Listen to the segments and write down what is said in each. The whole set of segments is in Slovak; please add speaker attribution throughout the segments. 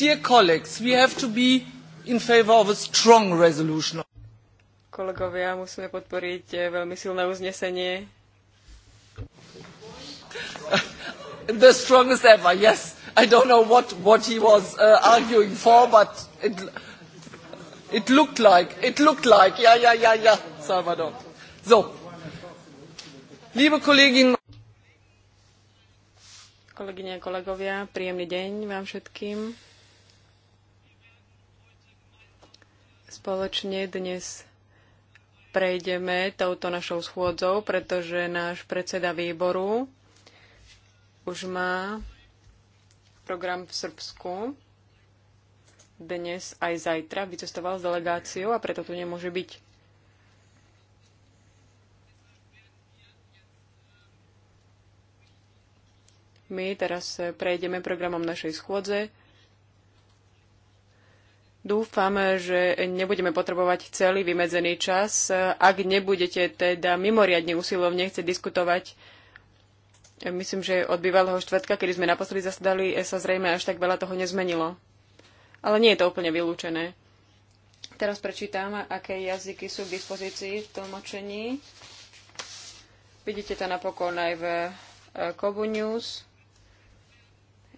Speaker 1: Dear colleagues, we have to be in favor of a strong resolution.
Speaker 2: Kolegovia, musíme podporiť eh, veľmi silné uznesenie. The strongest ever, yes.
Speaker 1: I don't know what, what he was uh, arguing for, but it, it looked like, it looked like, ja, ja, ja, ja, Salvador. So, liebe Kolleginnen
Speaker 2: kolegyne a kolegovia, príjemný deň vám všetkým. Spoločne dnes prejdeme touto našou schôdzou, pretože náš predseda výboru už má program v Srbsku dnes aj zajtra vycestoval s delegáciou a preto tu nemôže byť. My teraz prejdeme programom našej schôdze. Dúfam, že nebudeme potrebovať celý vymedzený čas, ak nebudete teda mimoriadne usilovne chcieť diskutovať. Myslím, že od bývalého štvrtka, kedy sme naposledy zasadali, sa zrejme až tak veľa toho nezmenilo. Ale nie je to úplne vylúčené. Teraz prečítam, aké jazyky sú k dispozícii v tlmočení. Vidíte to napokon aj v eh, Kobu News.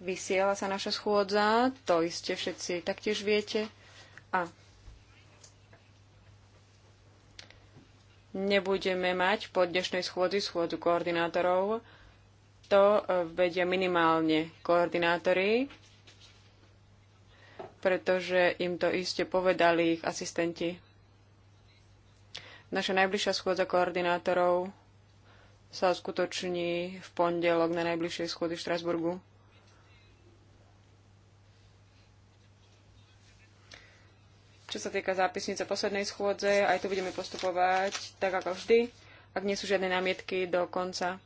Speaker 2: Vysiela sa naša schôdza, to iste všetci taktiež viete. A nebudeme mať po dnešnej schôdzi schôdzu koordinátorov. To e, vedia minimálne koordinátori, pretože im to iste povedali ich asistenti. Naša najbližšia schôdza koordinátorov sa skutoční v pondelok na najbližšej schôdzi v Štrasburgu. Čo sa týka zápisnice poslednej schôdze, aj tu budeme postupovať tak ako vždy. Ak nie sú žiadne námietky do konca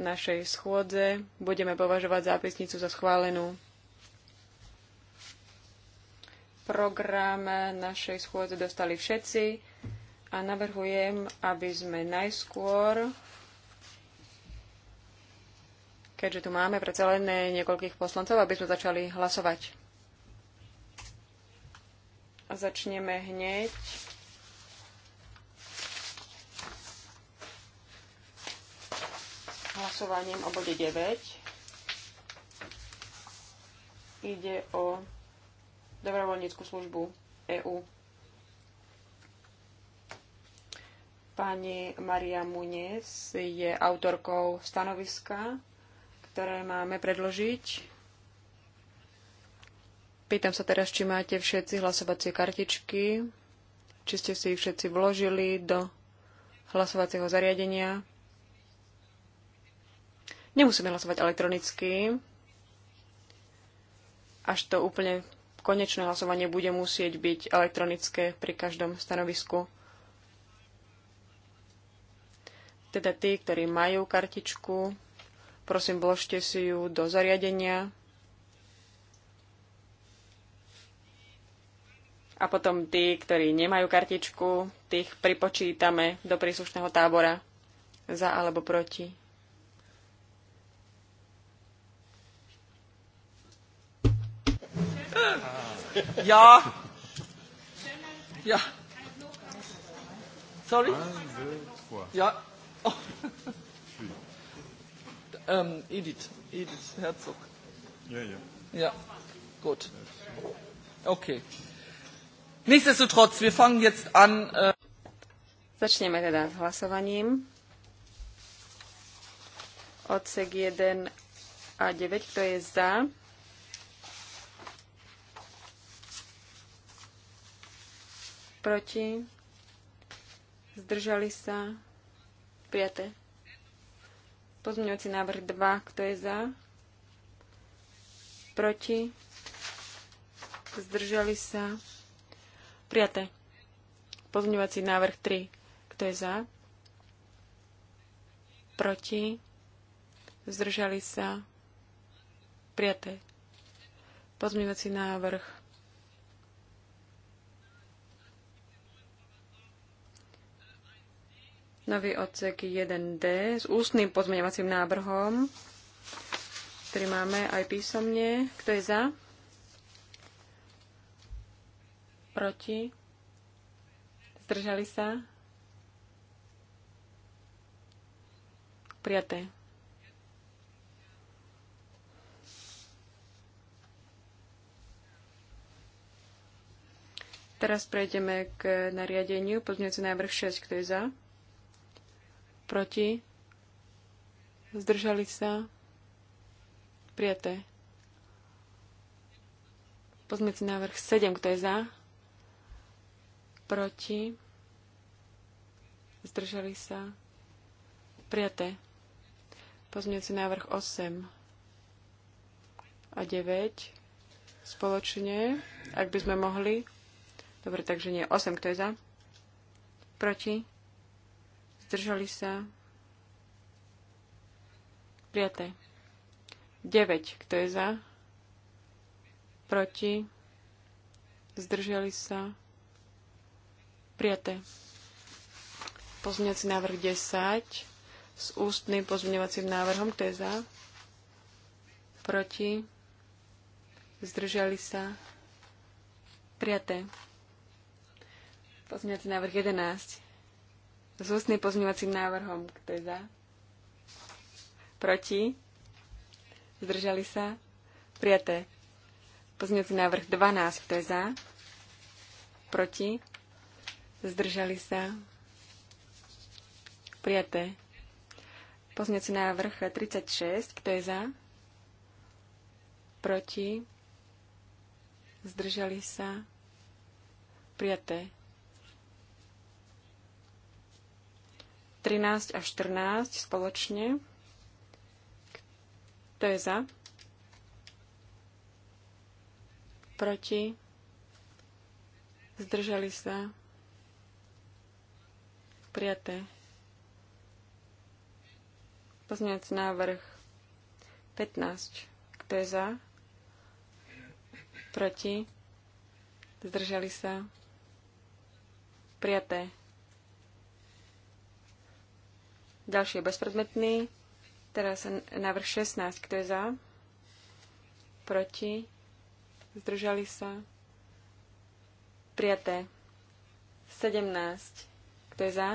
Speaker 2: našej schôdze, budeme považovať zápisnicu za schválenú. Program našej schôdze dostali všetci a navrhujem, aby sme najskôr keďže tu máme predsa len niekoľkých poslancov, aby sme začali hlasovať. Začneme hneď. Hlasovaním o bode 9. Ide o dobrovoľníckú službu EÚ. Pani Maria Munes je autorkou stanoviska, ktoré máme predložiť Pýtam sa teraz, či máte všetci hlasovacie kartičky, či ste si ich všetci vložili do hlasovacieho zariadenia. Nemusíme hlasovať elektronicky. Až to úplne konečné hlasovanie bude musieť byť elektronické pri každom stanovisku. Teda tí, ktorí majú kartičku, prosím, vložte si ju do zariadenia. a potom tí, ktorí nemajú kartičku, tých pripočítame do príslušného tábora za alebo proti.
Speaker 1: Ja. Ja. Sorry? Ja. Oh. Um, Edith, Edith Herzog. Ja, ja. Ja, gut. Okay. Nichtsdestotrotz, wir fangen jetzt an. Äh...
Speaker 2: Začneme teda s hlasovaním. Odsek 1 a 9, kto je za? Proti? Zdržali sa? Prijaté. Pozmeňujúci návrh 2, kto je za? Proti? Zdržali sa? Prijaté. Pozmeňovací návrh 3. Kto je za? Proti? Zdržali sa? Prijaté. Pozmeňovací návrh Nový odsek 1D s ústnym pozmeňovacím návrhom, ktorý máme aj písomne. Kto je za? proti, zdržali sa, prijaté. Teraz prejdeme k nariadeniu. Pozmeňujúci návrh 6. Kto je za? Proti? Zdržali sa? Prijaté. Pozmeňujúci návrh 7. Kto je za? proti, zdržali sa, prijaté. Pozmeňujúci návrh 8 a 9 spoločne, ak by sme mohli. Dobre, takže nie. 8, kto je za? Proti? Zdržali sa? Prijaté. 9, kto je za? Proti? Zdržali sa? Prijaté. Pozmeňovací návrh 10 s ústnym pozmeňovacím návrhom. Kto je za? Proti? Zdržali sa? Prijaté. Pozmeňovací návrh 11 s ústnym pozmeňovacím návrhom. Kto je za? Proti? Zdržali sa? Prijaté. Pozmeňovací návrh 12. Kto je za? Proti? Zdržali sa? Prijaté. Pozňujúci návrh 36. Kto je za? Proti? Zdržali sa? Prijaté. 13 a 14 spoločne. Kto je za? Proti? Zdržali sa? prijaté. Pozňac návrh 15. Kto je za? Proti? Zdržali sa? Prijaté. Ďalší je bezpredmetný. Teraz návrh 16. Kto je za? Proti? Zdržali sa? Prijaté. 17. Kto je za?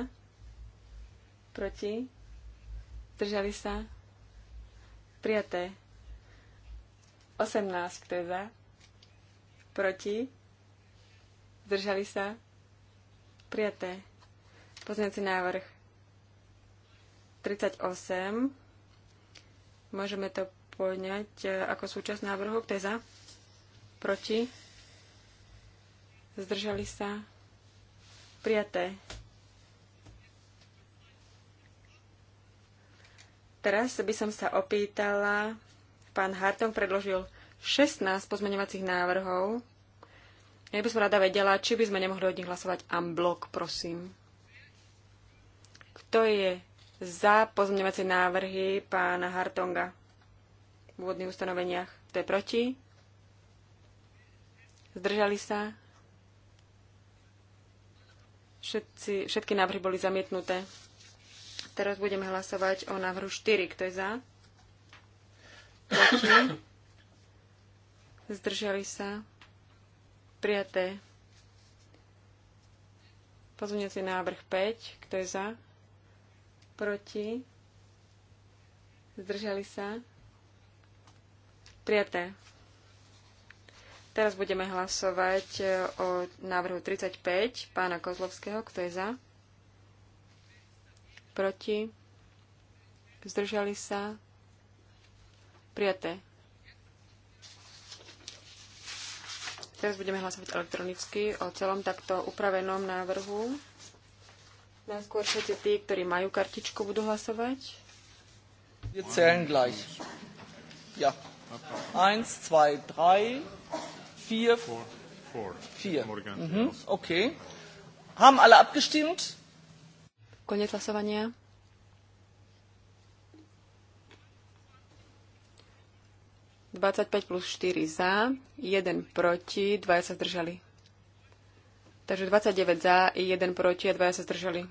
Speaker 2: Proti? Držali sa? Prijaté. 18. Kto je za? Proti? Zdržali sa? Prijaté. Poznací návrh 38. Môžeme to poňať e, ako súčasť návrhu. Kto je za? Proti? Zdržali sa? Prijaté. Teraz by som sa opýtala, pán Hartong predložil 16 pozmeňovacích návrhov. Ja by som rada vedela, či by sme nemohli od nich hlasovať unblock, prosím. Kto je za pozmeňovacie návrhy pána Hartonga v úvodných ustanoveniach? Kto je proti? Zdržali sa? Všetci, všetky návrhy boli zamietnuté. Teraz budeme hlasovať o návrhu 4. Kto je za? Proti? Zdržali sa? Prijaté. si návrh 5. Kto je za? Proti? Zdržali sa? Prijaté. Teraz budeme hlasovať e, o návrhu 35 pána Kozlovského. Kto je za? proti, zdržali sa, prijaté. Teraz budeme hlasovať elektronicky o celom takto upravenom návrhu. Najskôr všetci tí, ktorí majú kartičku, budú hlasovať.
Speaker 1: Wir zählen gleich. Ja. 1, 2, 3, 4, 4. Mhm, okay. Haben alle abgestimmt?
Speaker 2: Konec hlasovania. ...25 plus 4 za, 1 proti, 2 sa zdržali. Takže 29 za, 1 proti a 2 sa zdržali.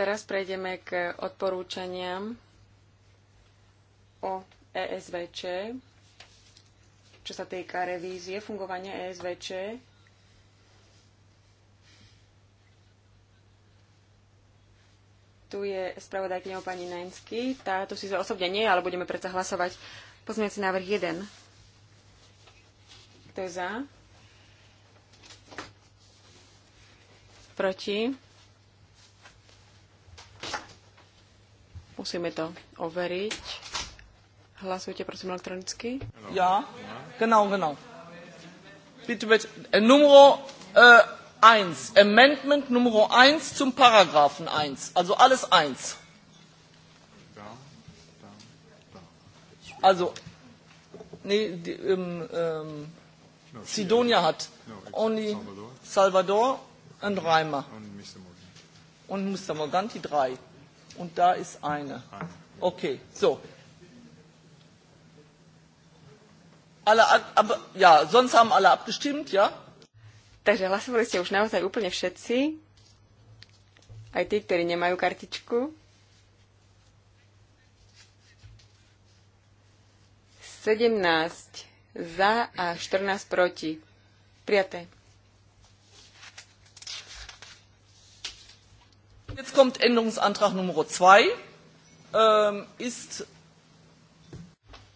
Speaker 2: Teraz prejdeme k odporúčaniam o ESVČ, čo sa týka revízie fungovania ESVČ. Tu je spravodajkňou pani Nensky. Tá si za osobne nie, ale budeme predsa hlasovať. Pozmiaci návrh 1. Kto je za? Proti? Musíme to overiť. Hlasujte prosím elektronicky. Ja, genau, genau.
Speaker 1: Bitte, bitte. Äh, Numero äh, 1, Amendment Numero 1 zum Paragrafen 1, also alles 1. Also, nee, die, ähm, ähm, no, Sidonia hat no, only Salvador, Salvador and Reimer. Und Mr. Morgan, die drei und da ist eine. Okay, so. Alle, aber, ja, sonst haben alle abgestimmt,
Speaker 2: ja? Takže hlasovali ste už naozaj úplne všetci. Aj tí, ktorí nemajú kartičku. Sedemnáct za a 14 proti. Prijaté.
Speaker 1: Jetzt kommt Änderungsantrag Nummer 2. Ähm, ist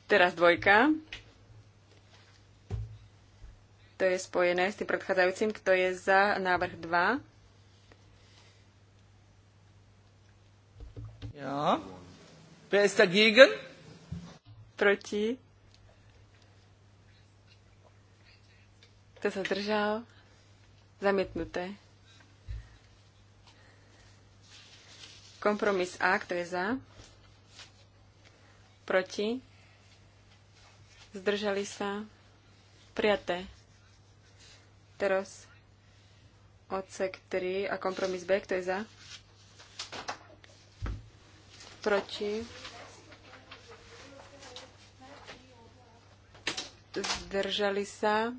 Speaker 2: Teraz dvojka. To je spojené s tým predchádzajúcim. Kto je za návrh 2?
Speaker 1: Ja. Wer ist dagegen?
Speaker 2: Proti. Kto sa držal? Zamietnuté. Kompromis A, kto je za? Proti? Zdržali sa? Prijaté. Teraz odsek 3 a kompromis B, kto je za? Proti? Zdržali sa?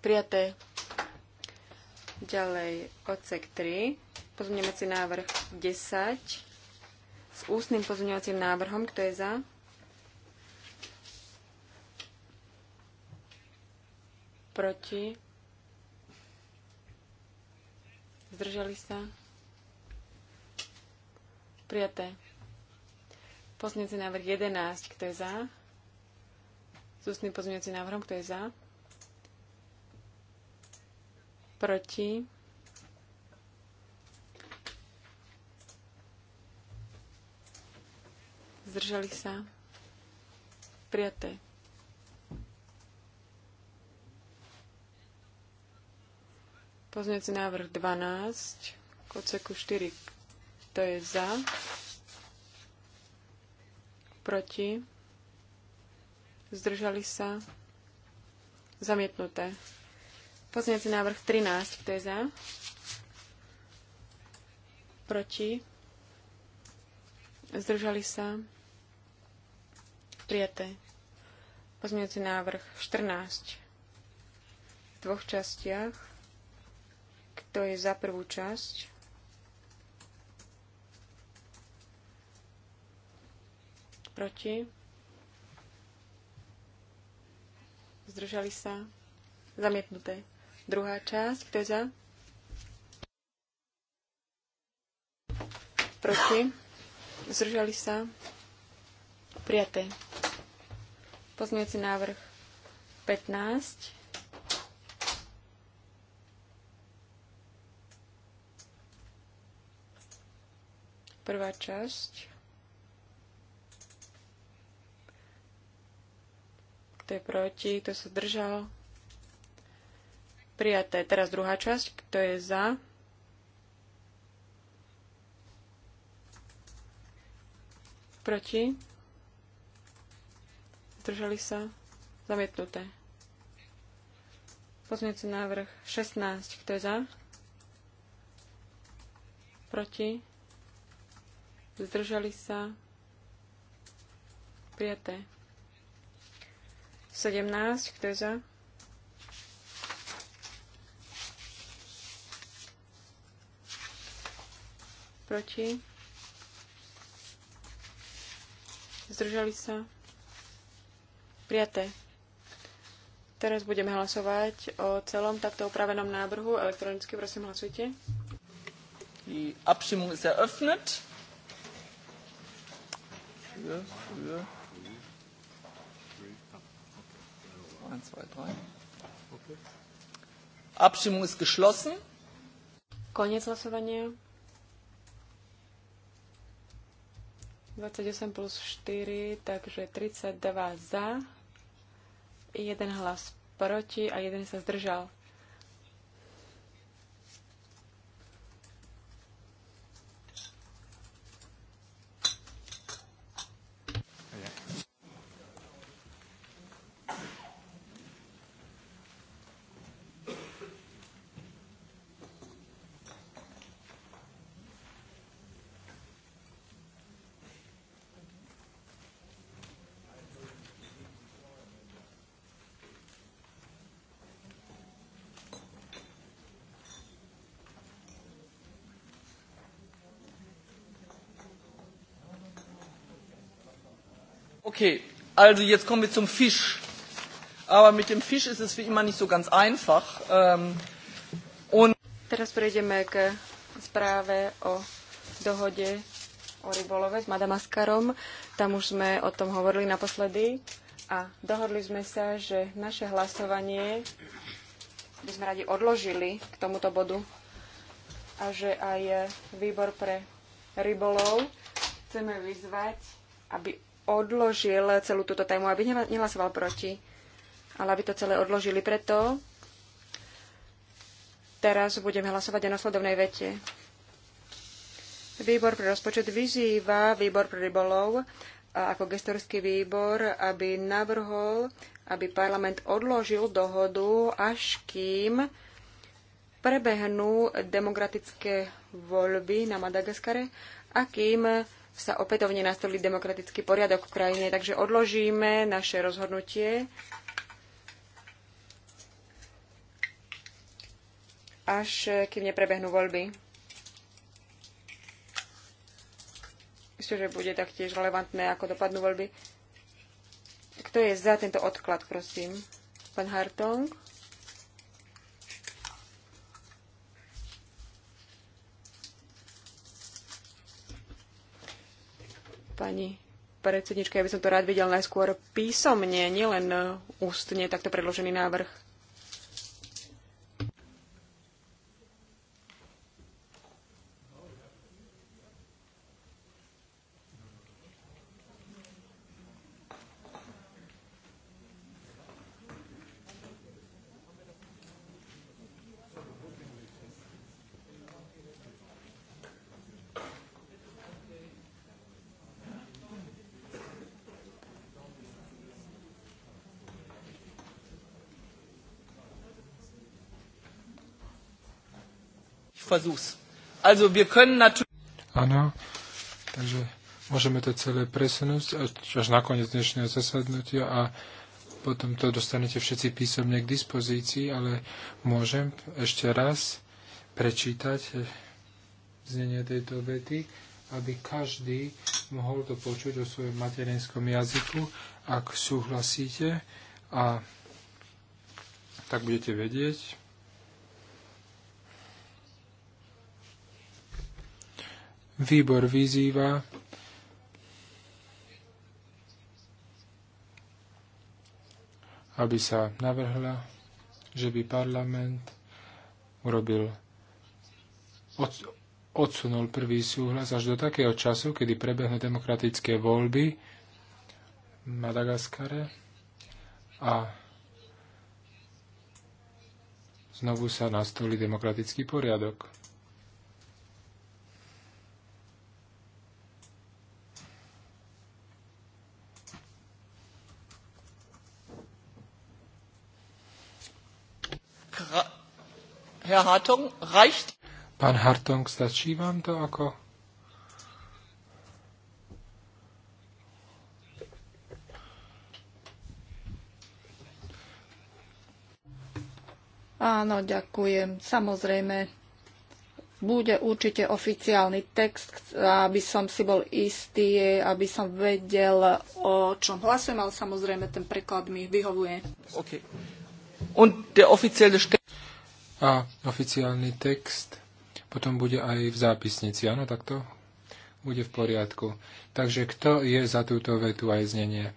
Speaker 2: Prijaté. Ďalej odsek 3. Pozmeňovací návrh 10 s ústnym pozmeňovacím návrhom. Kto je za? Proti? Zdržali sa? Prijaté. Pozmeňovací návrh 11. Kto je za? S ústnym pozmeňovacím návrhom. Kto je za? Proti? zdržali sa, prijaté. Pozmeňujúci návrh 12 koceku 4. Kto je za? Proti? Zdržali sa? Zamietnuté. Pozmeňujúci návrh 13. Kto je za? Proti? Zdržali sa? Prijaté. Pozmeňujúci návrh 14 v dvoch častiach. Kto je za prvú časť? Proti? Zdržali sa? Zamietnuté. Druhá časť. Kto je za? Proti? Zdržali sa? Prijaté. Pozmeňujúci návrh 15. Prvá časť. Kto je proti? Kto sa držal? Prijaté. Teraz druhá časť. Kto je za? Proti? zdržali sa, zamietnuté. Pozmeňujúci návrh 16, kto je za? Proti? Zdržali sa? Prijaté. 17, kto je za? Proti? Zdržali sa? Prijaté. Teraz budeme hlasovať o celom takto upravenom návrhu. Elektronicky prosím hlasujte.
Speaker 1: Die Abstimmung ist eröffnet. Für, für.
Speaker 3: 1,
Speaker 1: 2, 3. Abstimmung ist geschlossen.
Speaker 2: Koniec hlasovania. 28 plus 4, takže 32 za, Jeden hlas proti a jeden sa zdržal.
Speaker 1: Okay, also jetzt kommen wir zum Fisch. Aber mit dem Fisch
Speaker 2: ist es wie immer nicht so ganz einfach. Ähm, und Teraz prejdeme k správe o dohode o rybolove s Madamaskarom. Tam už sme o tom hovorili naposledy a dohodli sme sa, že naše hlasovanie by sme radi odložili k tomuto bodu a že aj výbor pre rybolov chceme vyzvať, aby odložil celú túto tému, aby nehlasoval proti, ale aby to celé odložili. Preto teraz budeme hlasovať o nasledovnej vete. Výbor pre rozpočet vyzýva výbor pre rybolov ako gestorský výbor, aby navrhol, aby parlament odložil dohodu, až kým prebehnú demokratické voľby na Madagaskare a kým sa opätovne nastolí demokratický poriadok v krajine, takže odložíme naše rozhodnutie až eh, kým neprebehnú voľby. Myslím, že bude taktiež relevantné, ako dopadnú voľby. Kto je za tento odklad, prosím? Pán Hartong? Pani predsednička, ja by som to rád videl najskôr písomne, nielen ústne takto predložený návrh.
Speaker 1: Versuchs. Also wir können natürlich...
Speaker 3: Áno, takže môžeme to celé presunúť až na koniec dnešného zasadnutia a potom to dostanete všetci písomne k dispozícii, ale môžem ešte raz prečítať eh, znenie tejto vety, aby každý mohol to počuť o svojom materinskom jazyku, ak súhlasíte a tak budete vedieť, Výbor vyzýva aby sa navrhla, že by parlament urobil odsunul prvý súhlas až do takého času, kedy prebehnú demokratické voľby v Madagaskare a znovu sa nastolí demokratický poriadok.
Speaker 1: Herr Hartung, reicht?
Speaker 3: Pán Hartung, stačí vám to ako?
Speaker 4: Áno, ďakujem. Samozrejme, bude určite oficiálny text, aby som si bol istý, aby som vedel, o čom hlasujem, ale samozrejme ten preklad mi vyhovuje. Okay.
Speaker 3: Und der offizielle a oficiálny text potom bude aj v zápisnici. Áno, tak to bude v poriadku. Takže kto je za túto vetu aj znenie?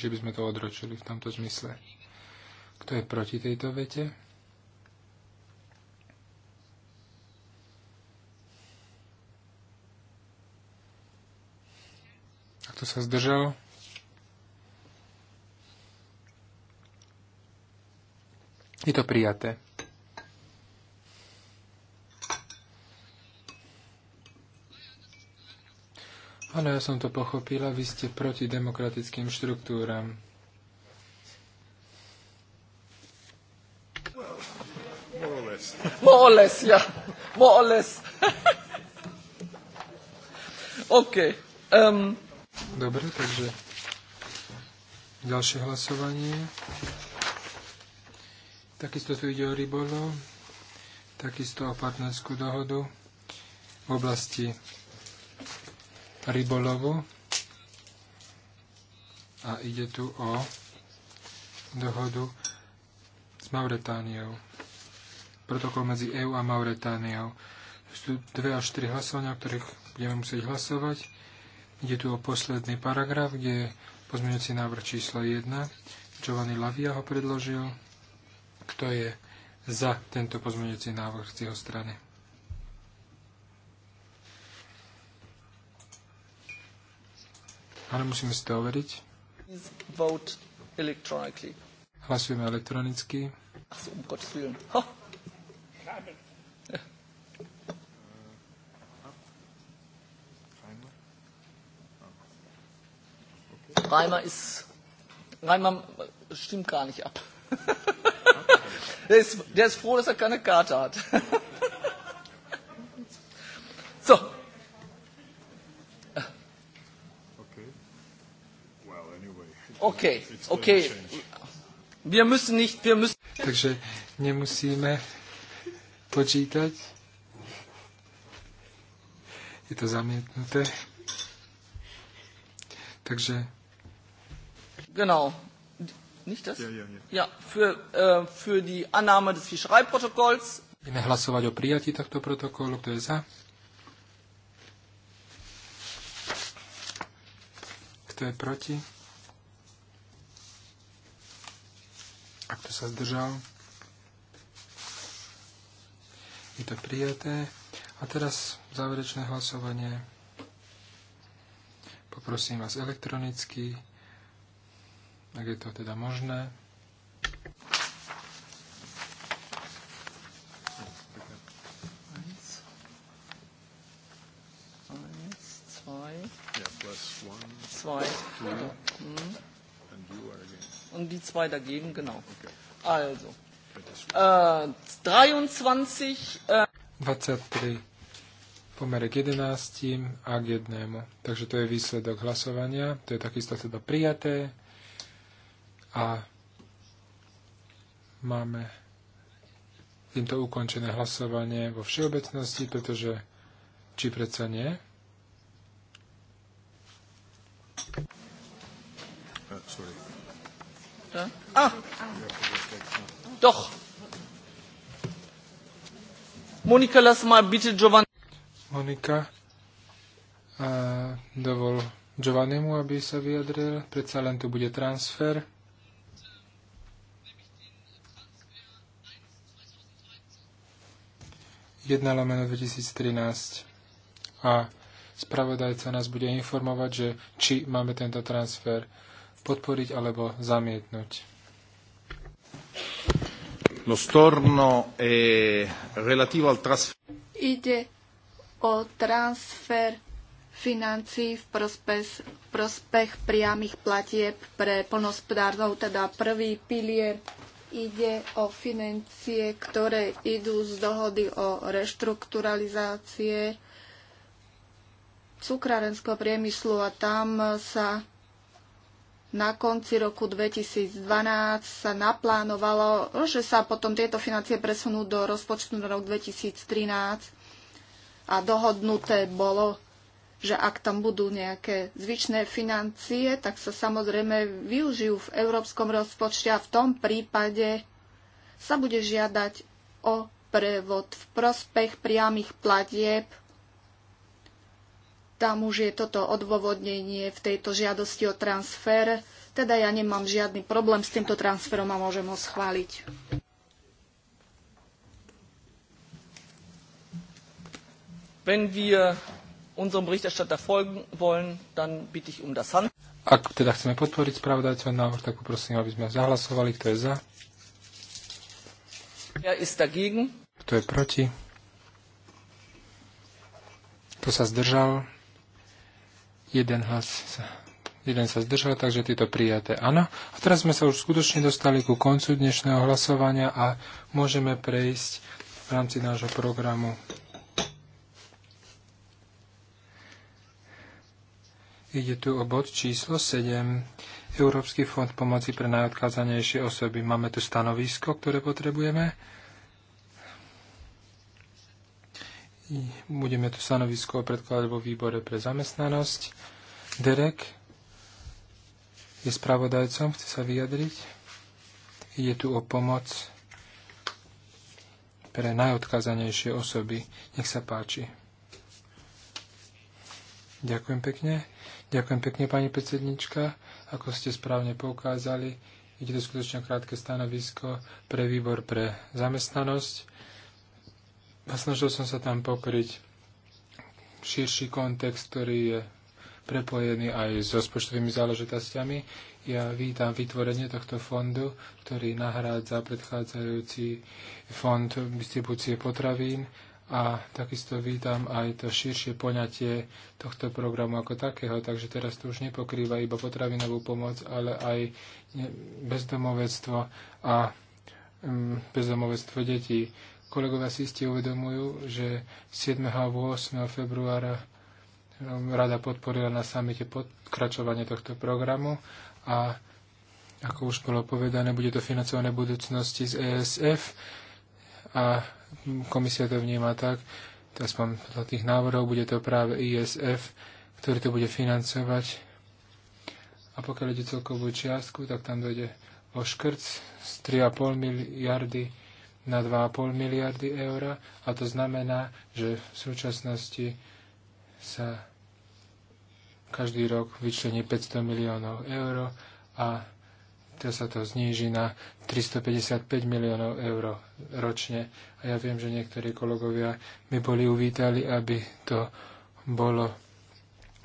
Speaker 3: Že by sme to odročili v tomto zmysle. Kto je proti tejto vete? A kto sa zdržal? Je to prijaté. Áno, ja som to pochopila, vy ste proti demokratickým štruktúram. Moles. Moles, ja. Moles. OK. Um. Dobre, takže ďalšie hlasovanie. Takisto tu ide o rybolov, takisto o partnerskú dohodu v oblasti rybolovu a ide tu o dohodu s Mauretániou. Protokol medzi EÚ a Mauretániou. Sú tu dve až tri hlasovania, o ktorých budeme musieť hlasovať. Ide tu o posledný paragraf, kde je pozmeňujúci návrh číslo 1. Giovanni Lavia ho predložil. Kto je za tento pozmeňujúci návrh z jeho strany? Ale musíme si to overiť. Hlasujeme elektronicky.
Speaker 1: Um Reimer ist. Reimer stimmt gar nicht ab. Der ist, der ist froh, dass er keine Karte hat. so.
Speaker 3: Okay, okay. Wir müssen nicht, wir müssen... Takže nemusíme počítať. Je to zamietnuté. Takže...
Speaker 1: Genau. Nicht das? Ja, ja, ja. ja für, äh, für die Annahme des Fischereiprotokolls.
Speaker 3: Budeme hlasovať o prijatí tohto protokolu. Kto je za? Kto je proti? A kto sa zdržal? Je to prijaté. A teraz záverečné hlasovanie. Poprosím vás elektronicky ak je to teda možné.
Speaker 1: Und die zwei dagegen, genau. Okay. Also, äh, 23. Äh
Speaker 3: 23 pomerek 11 ak jednému. Takže to je výsledok hlasovania. To je takisto teda prijaté. A máme týmto ukončené hlasovanie vo všeobecnosti, pretože či predsa nie?
Speaker 1: Uh, ah! ah, doch. Monika, lass mal bitte Giovanni.
Speaker 3: Monika, dovol Giovannimu, aby sa vyjadril. Predsa len tu bude transfer. 1 lomeno 2013 a spravodajca nás bude informovať, že či máme tento transfer podporiť alebo zamietnúť.
Speaker 4: Lo storno è relativo al transfer... Ide o transfer financií v prospech, prospech priamých platieb pre plnospodárov, teda prvý pilier Ide o financie, ktoré idú z dohody o reštrukturalizácie cukrárenského priemyslu a tam sa na konci roku 2012 sa naplánovalo, že sa potom tieto financie presunú do rozpočtu na rok 2013 a dohodnuté bolo, že ak tam budú nejaké zvyčné financie, tak sa samozrejme využijú v európskom rozpočte a v tom prípade sa bude žiadať o prevod v prospech priamých platieb. Tam už je toto odôvodnenie v tejto žiadosti o transfer. Teda ja nemám žiadny problém s týmto transferom a môžem ho schváliť.
Speaker 1: Wenn wir unserem Berichterstatter folgen wollen, dann bitte ich um das Hand.
Speaker 3: Ak teda chceme podporiť spravodajcov návrh, tak poprosím, aby sme zahlasovali, kto je za.
Speaker 1: Wer ist dagegen?
Speaker 3: Kto je proti? Kto sa zdržal? Jeden hlas sa jeden sa zdržal, takže tieto prijaté áno. A teraz sme sa už skutočne dostali ku koncu dnešného hlasovania a môžeme prejsť v rámci nášho programu Ide tu o bod číslo 7. Európsky fond pomoci pre najodkázanejšie osoby. Máme tu stanovisko, ktoré potrebujeme. Budeme tu stanovisko predkladať vo výbore pre zamestnanosť. Derek je spravodajcom, chce sa vyjadriť. Ide tu o pomoc pre najodkázanejšie osoby. Nech sa páči. Ďakujem pekne. Ďakujem pekne, pani predsednička. Ako ste správne poukázali, ide to skutočne krátke stanovisko pre výbor pre zamestnanosť. A snažil som sa tam pokryť širší kontext, ktorý je prepojený aj s rozpočtovými záležitostiami. Ja vítam vytvorenie tohto fondu, ktorý nahrádza predchádzajúci fond distribúcie potravín a takisto vítam aj to širšie poňatie tohto programu ako takého, takže teraz to už nepokrýva iba potravinovú pomoc, ale aj bezdomovectvo a mm, bezdomovectvo detí. Kolegovia si ste uvedomujú, že 7. a 8. februára mm, rada podporila na samite podkračovanie tohto programu a ako už bolo povedané, bude to financované v budúcnosti z ESF a komisia to vníma tak, to aspoň podľa tých návrhov, bude to práve ISF, ktorý to bude financovať. A pokiaľ ide celkovú čiastku, tak tam dojde o škrt z 3,5 miliardy na 2,5 miliardy eur a to znamená, že v súčasnosti sa každý rok vyčlení 500 miliónov eur a teraz sa to zníži na 355 miliónov eur ročne. A ja viem, že niektorí kolegovia by boli uvítali, aby to bolo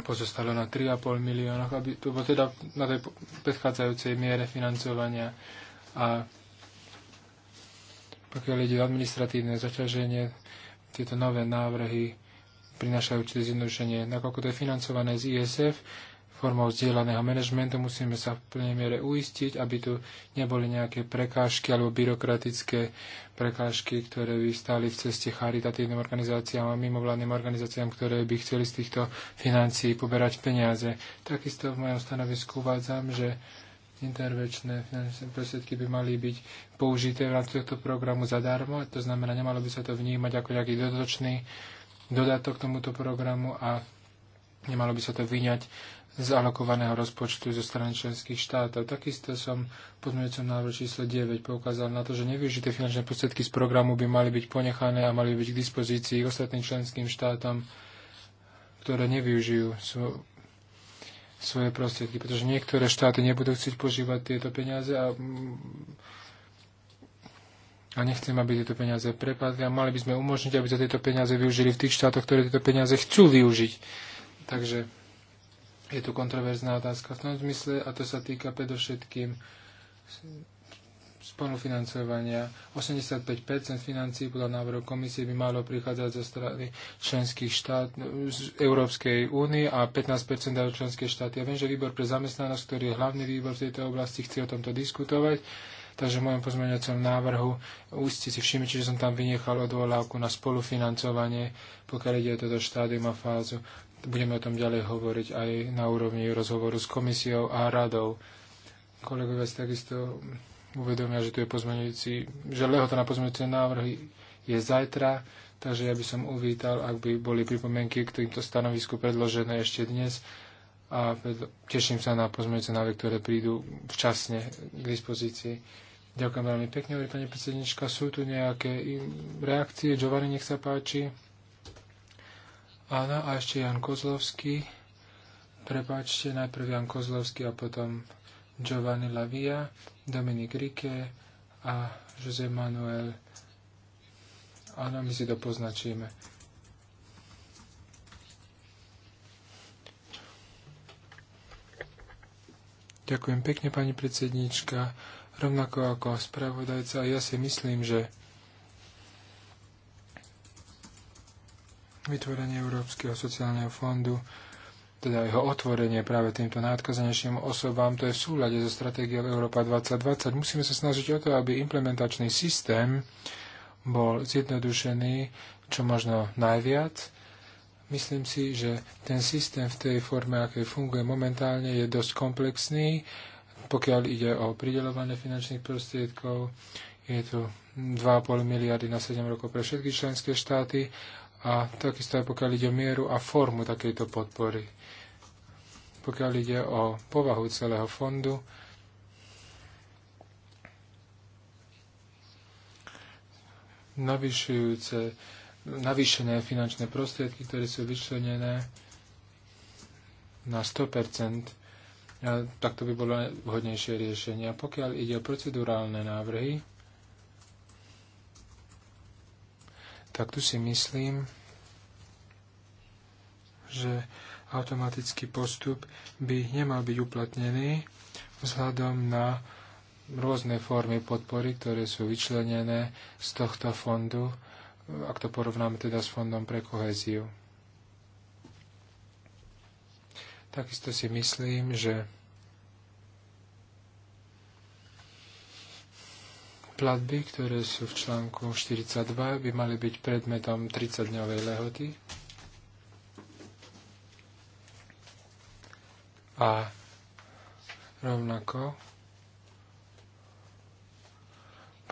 Speaker 3: pozostalo na 3,5 miliónoch, aby to bolo teda na tej predchádzajúcej miere financovania. A pokiaľ ide o administratívne zaťaženie, tieto nové návrhy prinášajú určité zjednodušenie. Nakoľko to je financované z ISF, formou vzdielaného manažmentu musíme sa v plnej miere uistiť, aby tu neboli nejaké prekážky alebo byrokratické prekážky, ktoré by stáli v ceste charitatívnym organizáciám a mimovládnym organizáciám, ktoré by chceli z týchto financií poberať peniaze. Takisto v mojom stanovisku uvádzam, že intervečné finančné prostriedky by mali byť použité v rámci tohto programu zadarmo, to znamená, nemalo by sa to vnímať ako nejaký dodatočný dodatok k tomuto programu a Nemalo by sa to vyňať z alokovaného rozpočtu zo strany členských štátov. Takisto som pozmeňujúcom návrhu číslo 9 poukázal na to, že nevyužité finančné prostriedky z programu by mali byť ponechané a mali byť k dispozícii ostatným členským štátom, ktoré nevyužijú svo, svoje prostriedky, pretože niektoré štáty nebudú chcieť požívať tieto peniaze a, mm, a nechcem, aby tieto peniaze prepadli a mali by sme umožniť, aby sa tieto peniaze využili v tých štátoch, ktoré tieto peniaze chcú využiť Takže je tu kontroverzná otázka v tom zmysle a to sa týka predovšetkým spolufinancovania. 85 financí podľa návrhu komisie by malo prichádzať zo strany členských štát no, z Európskej únie a 15 dajú členské štáty. Ja viem, že výbor pre zamestnanosť, ktorý je hlavný výbor v tejto oblasti, chce o tomto diskutovať. Takže v mojom pozmeňovacom návrhu už ste si všimli, že som tam vynechal odvolávku na spolufinancovanie, pokiaľ ide o toto štádium a fázu budeme o tom ďalej hovoriť aj na úrovni rozhovoru s komisiou a radou. Kolegovia si takisto uvedomia, že tu je pozmeňujúci, že lehota na pozmeňujúce návrhy je zajtra, takže ja by som uvítal, ak by boli pripomienky k týmto stanovisku predložené ešte dnes a teším sa na pozmeňujúce návrhy, ktoré prídu včasne k dispozícii. Ďakujem veľmi pekne, pani predsednička. Sú tu nejaké reakcie? Giovanni, nech sa páči. Áno, a ešte Jan Kozlovský. Prepačte, najprv Jan Kozlovský a potom Giovanni Lavia, Dominik Rike a Jose Manuel. Áno, my si to poznačíme. Ďakujem pekne, pani predsednička. Rovnako ako spravodajca, ja si myslím, že vytvorenie Európskeho sociálneho fondu, teda jeho otvorenie práve týmto najodkazenejším osobám, to je v súľade so stratégiou Európa 2020. Musíme sa snažiť o to, aby implementačný systém bol zjednodušený čo možno najviac. Myslím si, že ten systém v tej forme, akej funguje momentálne, je dosť komplexný. Pokiaľ ide o pridelovanie finančných prostriedkov, je tu 2,5 miliardy na 7 rokov pre všetky členské štáty a takisto aj pokiaľ ide o mieru a formu takejto podpory. Pokiaľ ide o povahu celého fondu, navyšujúce, navýšené finančné prostriedky, ktoré sú vyčlenené na 100 tak to by bolo vhodnejšie riešenie. A pokiaľ ide o procedurálne návrhy, tak tu si myslím, že automatický postup by nemal byť uplatnený vzhľadom na rôzne formy podpory, ktoré sú vyčlenené z tohto fondu, ak to porovnáme teda s fondom pre koheziu. Takisto si myslím, že Platby, ktoré sú v článku 42, by mali byť predmetom 30-dňovej lehoty. A rovnako,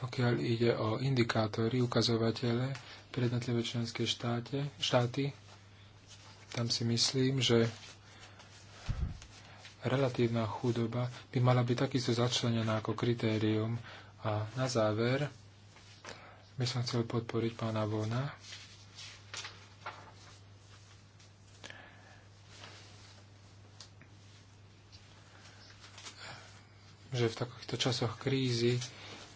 Speaker 3: pokiaľ ide o indikátory, ukazovatele pre jednotlivé členské štáte, štáty, tam si myslím, že relatívna chudoba by mala byť takisto začlenená ako kritérium a na záver by som chcel podporiť pána Vona. že v takýchto časoch krízy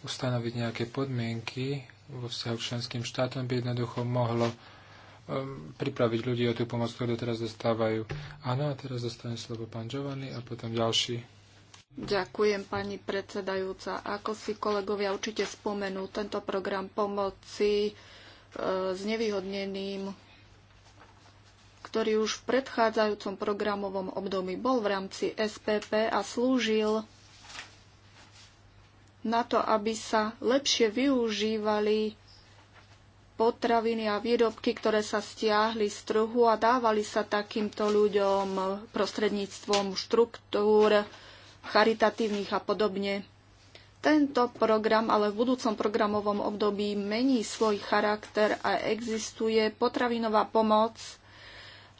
Speaker 3: ustanoviť nejaké podmienky vo vzťahu k členským štátom by jednoducho mohlo um, pripraviť ľudí o tú pomoc, ktorú teraz dostávajú. Áno, a teraz dostane slovo pán Giovanni a potom ďalší.
Speaker 4: Ďakujem, pani predsedajúca. Ako si kolegovia určite spomenú, tento program pomoci e, znevýhodneným, ktorý už v predchádzajúcom programovom období bol v rámci SPP a slúžil na to, aby sa lepšie využívali potraviny a výrobky, ktoré sa stiahli z trhu a dávali sa takýmto ľuďom prostredníctvom štruktúr, charitatívnych a podobne. Tento program ale v budúcom programovom období mení svoj charakter a existuje potravinová pomoc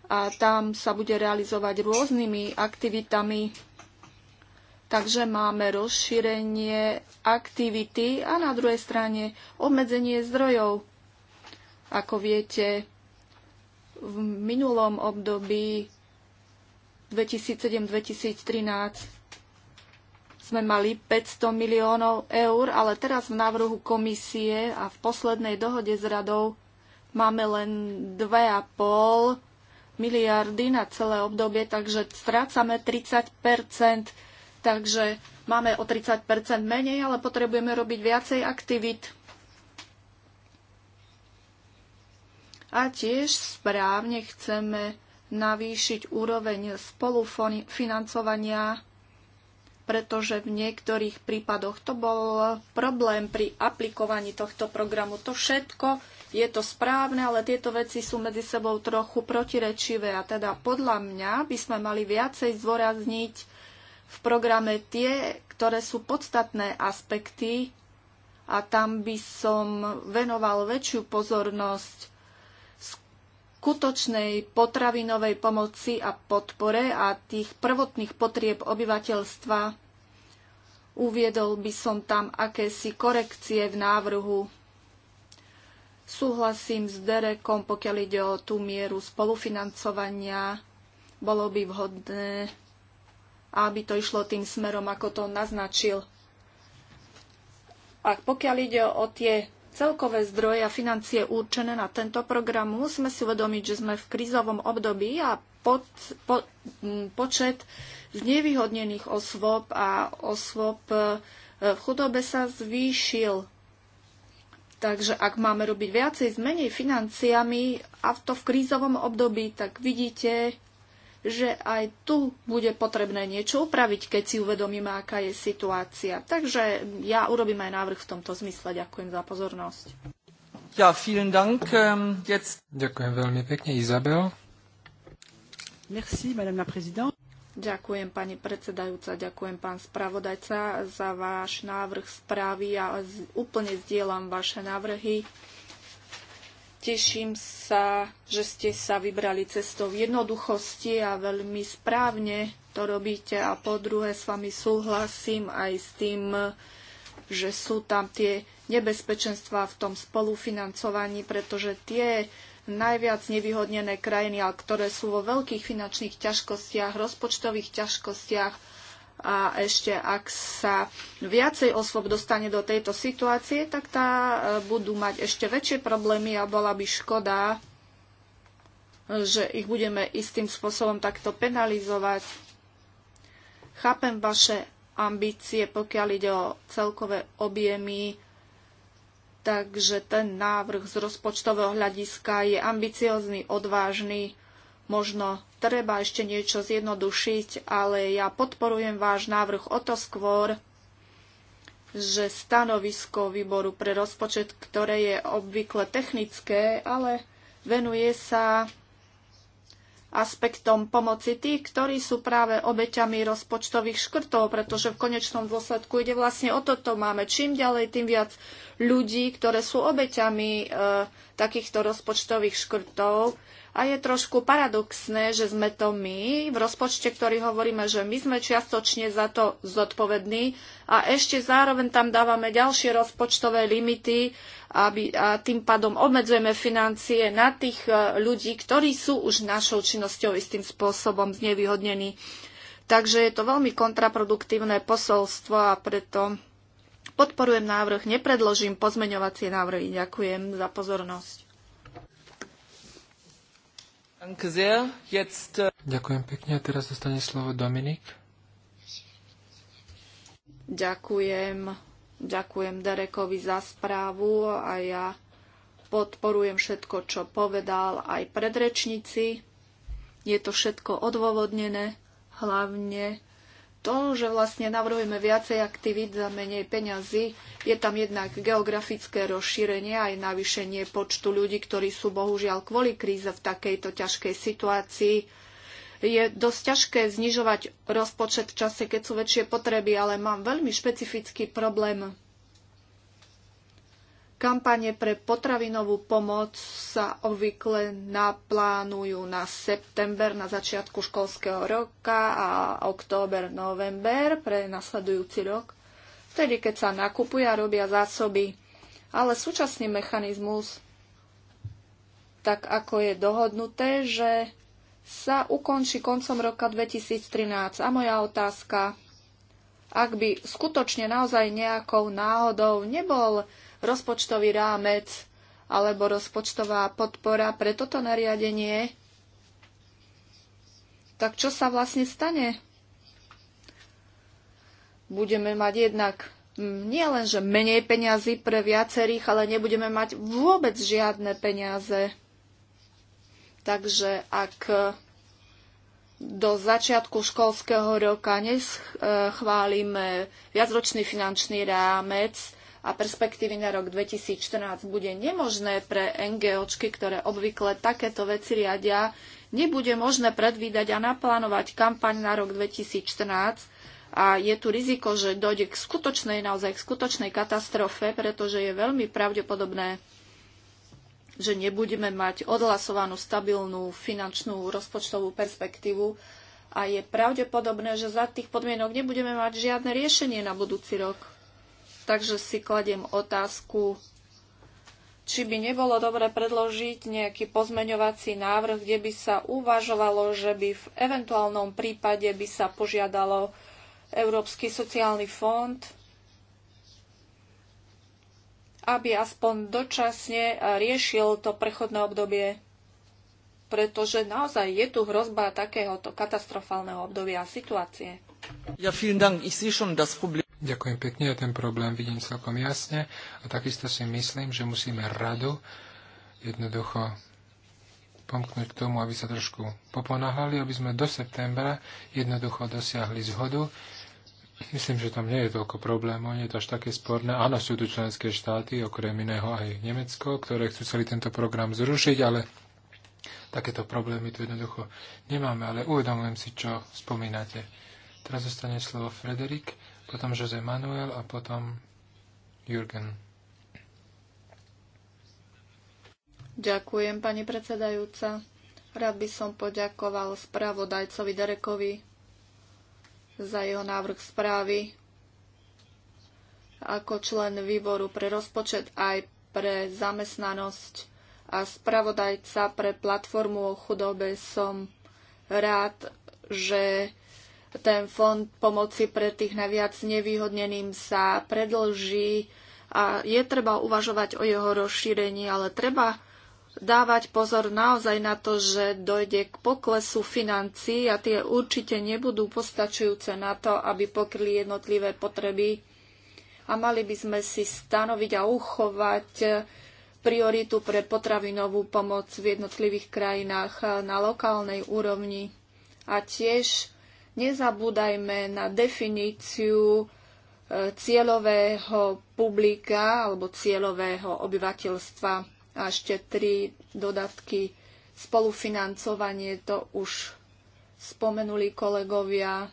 Speaker 4: a tam sa bude realizovať rôznymi aktivitami. Takže máme rozšírenie aktivity a na druhej strane obmedzenie zdrojov. Ako viete, v minulom období 2007-2013 sme mali 500 miliónov eur, ale teraz v návrhu komisie a v poslednej dohode s radou máme len 2,5 miliardy na celé obdobie, takže strácame 30 takže máme o 30 menej, ale potrebujeme robiť viacej aktivít. A tiež správne chceme navýšiť úroveň spolufinancovania pretože v niektorých prípadoch to bol problém pri aplikovaní tohto programu. To všetko je to správne, ale tieto veci sú medzi sebou trochu protirečivé a teda podľa mňa by sme mali viacej zdôrazniť v programe tie, ktoré sú podstatné aspekty a tam by som venoval väčšiu pozornosť skutočnej potravinovej pomoci a podpore a tých prvotných potrieb obyvateľstva. Uviedol by som tam akési korekcie v návrhu. Súhlasím s Derekom, pokiaľ ide o tú mieru spolufinancovania. Bolo by vhodné, aby to išlo tým smerom, ako to naznačil. A pokiaľ ide o tie celkové zdroje a financie určené na tento program, musíme si uvedomiť, že sme v krízovom období a pod, po, počet znevýhodnených osôb a osôb e, v chudobe sa zvýšil. Takže ak máme robiť viacej s menej financiami a to v krízovom období, tak vidíte, že aj tu bude potrebné niečo upraviť, keď si uvedomíme, aká je situácia. Takže ja urobím aj návrh v tomto zmysle. Ďakujem za pozornosť.
Speaker 1: Ja, vielen Dank. Ähm, jetzt... Ďakujem veľmi pekne, Izabel.
Speaker 4: Merci,
Speaker 2: madame la présidente.
Speaker 4: Ďakujem, pani predsedajúca, ďakujem, pán spravodajca, za váš návrh správy. Ja úplne zdieľam vaše návrhy. Teším sa, že ste sa vybrali cestou v jednoduchosti a veľmi správne to robíte. A po druhé, s vami súhlasím aj s tým, že sú tam tie nebezpečenstva v tom spolufinancovaní, pretože tie najviac nevyhodnené krajiny, ale ktoré sú vo veľkých finančných ťažkostiach, rozpočtových ťažkostiach, a ešte ak sa viacej osôb dostane do tejto situácie, tak tá e, budú mať ešte väčšie problémy a bola by škoda, že ich budeme istým spôsobom takto penalizovať. Chápem vaše ambície, pokiaľ ide o celkové objemy, takže ten návrh z rozpočtového hľadiska je ambiciózny, odvážny Možno treba ešte niečo zjednodušiť, ale ja podporujem váš návrh o to skôr, že stanovisko výboru pre rozpočet, ktoré je obvykle technické, ale venuje sa aspektom pomoci tých, ktorí sú práve obeťami rozpočtových škrtov, pretože v konečnom dôsledku ide vlastne o toto. Máme čím ďalej, tým viac ľudí, ktoré sú obeťami e, takýchto rozpočtových škrtov. A je trošku paradoxné, že sme to my v rozpočte, ktorý hovoríme, že my sme čiastočne za to zodpovední a ešte zároveň tam dávame ďalšie rozpočtové limity aby, a tým pádom obmedzujeme financie na tých e, ľudí, ktorí sú už našou činnosťou istým spôsobom znevýhodnení. Takže je to veľmi kontraproduktívne posolstvo a preto podporujem návrh, nepredložím pozmeňovacie návrhy. Ďakujem za pozornosť.
Speaker 1: Äh,
Speaker 3: Ďakujem pekne. A teraz dostane slovo Dominik.
Speaker 4: Ďakujem. Ďakujem Derekovi za správu a ja podporujem všetko, čo povedal aj predrečníci. Je to všetko odôvodnené, hlavne to, že vlastne navrhujeme viacej aktivít za menej peňazí. Je tam jednak geografické rozšírenie aj navýšenie počtu ľudí, ktorí sú bohužiaľ kvôli kríze v takejto ťažkej situácii. Je dosť ťažké znižovať rozpočet v čase, keď sú väčšie potreby, ale mám veľmi špecifický problém Kampane pre potravinovú pomoc sa obvykle naplánujú na september, na začiatku školského roka a október, november pre nasledujúci rok, vtedy keď sa nakupuje a robia zásoby. Ale súčasný mechanizmus, tak ako je dohodnuté, že sa ukončí koncom roka 2013. A moja otázka, ak by skutočne naozaj nejakou náhodou nebol rozpočtový rámec alebo rozpočtová podpora pre toto nariadenie, tak čo sa vlastne stane? Budeme mať jednak nie len, že menej peňazí pre viacerých, ale nebudeme mať vôbec žiadne peniaze. Takže ak do začiatku školského roka neschválime viacročný finančný rámec, a perspektívy na rok 2014 bude nemožné pre NGOčky, ktoré obvykle takéto veci riadia, nebude možné predvídať a naplánovať kampaň na rok 2014 a je tu riziko, že dojde k skutočnej, naozaj k skutočnej katastrofe, pretože je veľmi pravdepodobné, že nebudeme mať odhlasovanú stabilnú finančnú rozpočtovú perspektívu a je pravdepodobné, že za tých podmienok nebudeme mať žiadne riešenie na budúci rok takže si kladiem otázku, či by nebolo dobre predložiť nejaký pozmeňovací návrh, kde by sa uvažovalo, že by v eventuálnom prípade by sa požiadalo Európsky sociálny fond, aby aspoň dočasne riešil to prechodné obdobie, pretože naozaj je tu hrozba takéhoto katastrofálneho obdobia a situácie.
Speaker 3: Ja, vielen Dank. Ich sehe schon das Problem. Ďakujem pekne, ja ten problém vidím celkom jasne a takisto si myslím, že musíme radu jednoducho pomknúť k tomu, aby sa trošku poponahali, aby sme do septembra jednoducho dosiahli zhodu. Myslím, že tam nie je toľko problémov, nie je to až také sporné. Áno, sú tu členské štáty, okrem iného aj Nemecko, ktoré chcú celý tento program zrušiť, ale takéto problémy tu jednoducho nemáme, ale uvedomujem si, čo spomínate. Teraz zostane slovo Frederik potom Jose Manuel a potom Jürgen.
Speaker 4: Ďakujem, pani predsedajúca. Rád by som poďakoval spravodajcovi Derekovi za jeho návrh správy. Ako člen výboru pre rozpočet aj pre zamestnanosť a spravodajca pre platformu o chudobe som rád, že ten fond pomoci pre tých najviac nevýhodneným sa predlží a je treba uvažovať o jeho rozšírení, ale treba dávať pozor naozaj na to, že dojde k poklesu financií a tie určite nebudú postačujúce na to, aby pokryli jednotlivé potreby a mali by sme si stanoviť a uchovať prioritu pre potravinovú pomoc v jednotlivých krajinách na lokálnej úrovni a tiež Nezabúdajme na definíciu e, cieľového publika alebo cieľového obyvateľstva a ešte tri dodatky spolufinancovanie, to už spomenuli kolegovia.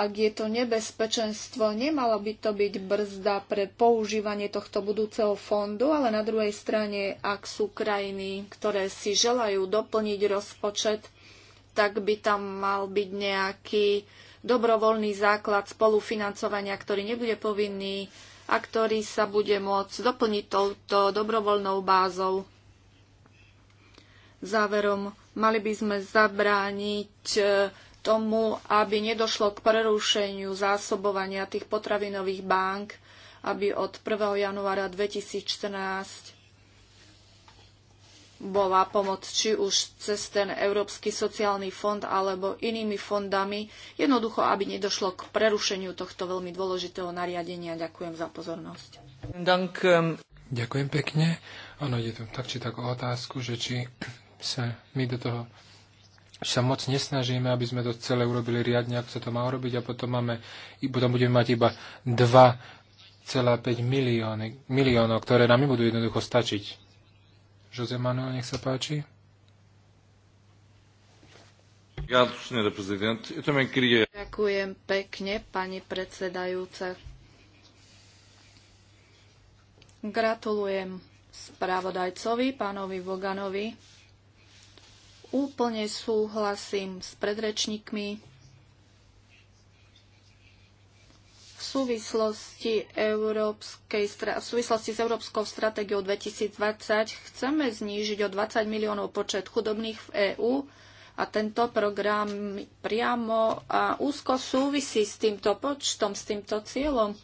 Speaker 4: Ak je to nebezpečenstvo, nemalo by to byť brzda pre používanie tohto budúceho fondu, ale na druhej strane, ak sú krajiny, ktoré si želajú doplniť rozpočet, tak by tam mal byť nejaký dobrovoľný základ spolufinancovania, ktorý nebude povinný a ktorý sa bude môcť doplniť touto dobrovoľnou bázou. Záverom, mali by sme zabrániť e, tomu, aby nedošlo k prerušeniu zásobovania tých potravinových bank, aby od 1. januára 2014 bola pomoc či už cez ten Európsky sociálny fond alebo inými fondami, jednoducho, aby nedošlo k prerušeniu tohto veľmi dôležitého nariadenia. Ďakujem za pozornosť.
Speaker 3: Ehm. Ďakujem pekne. Ono je tu tak či tak o otázku, že či sa my do toho sa moc nesnažíme, aby sme to celé urobili riadne, ako sa to má urobiť a potom, máme, potom budeme mať iba 2,5 milióny, miliónov, ktoré nám nebudú jednoducho stačiť Jose Manuel, nech sa páči.
Speaker 4: Ďakujem pekne, pani predsedajúca. Gratulujem spravodajcovi, pánovi Voganovi. Úplne súhlasím s predrečníkmi. súvislosti, európskej, v súvislosti s Európskou stratégiou 2020 chceme znížiť o 20 miliónov počet chudobných v EÚ a tento program priamo a úzko súvisí s týmto počtom, s týmto cieľom.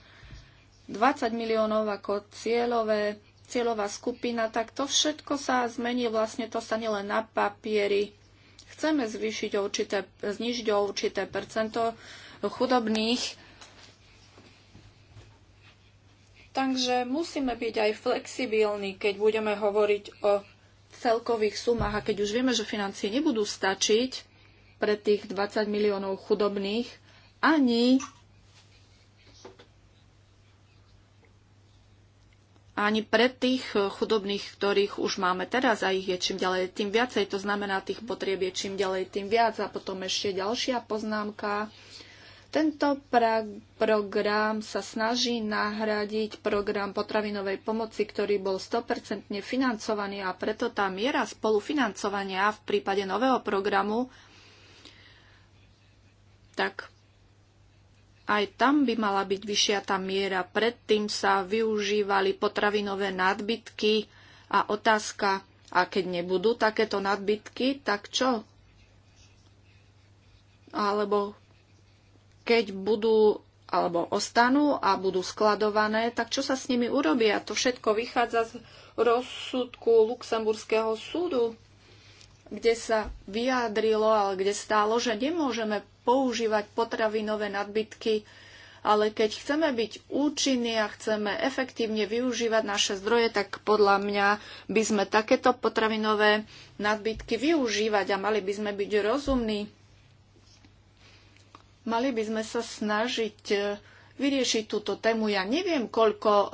Speaker 4: 20 miliónov ako cieľové, cieľová skupina, tak to všetko sa zmení, vlastne to sa nielen na papieri. Chceme zvýšiť o určité, znižiť o určité percento chudobných Takže musíme byť aj flexibilní, keď budeme hovoriť o celkových sumách a keď už vieme, že financie nebudú stačiť pre tých 20 miliónov chudobných, ani ani pre tých chudobných, ktorých už máme teraz a ich je čím ďalej tým viacej. To znamená, tých potrieb je čím ďalej tým viac. A potom ešte ďalšia poznámka. Tento program sa snaží nahradiť program potravinovej pomoci, ktorý bol 100% financovaný a preto tá miera spolufinancovania v prípade nového programu tak aj tam by mala byť vyššia tá miera. Predtým sa využívali potravinové nadbytky a otázka, a keď nebudú takéto nadbytky, tak čo? Alebo keď budú alebo ostanú a budú skladované, tak čo sa s nimi urobí? A to všetko vychádza z rozsudku Luxemburského súdu, kde sa vyjadrilo, ale kde stálo, že nemôžeme používať potravinové nadbytky, ale keď chceme byť účinní a chceme efektívne využívať naše zdroje, tak podľa mňa by sme takéto potravinové nadbytky využívať a mali by sme byť rozumní Mali by sme sa snažiť e, vyriešiť túto tému. Ja neviem, koľko e,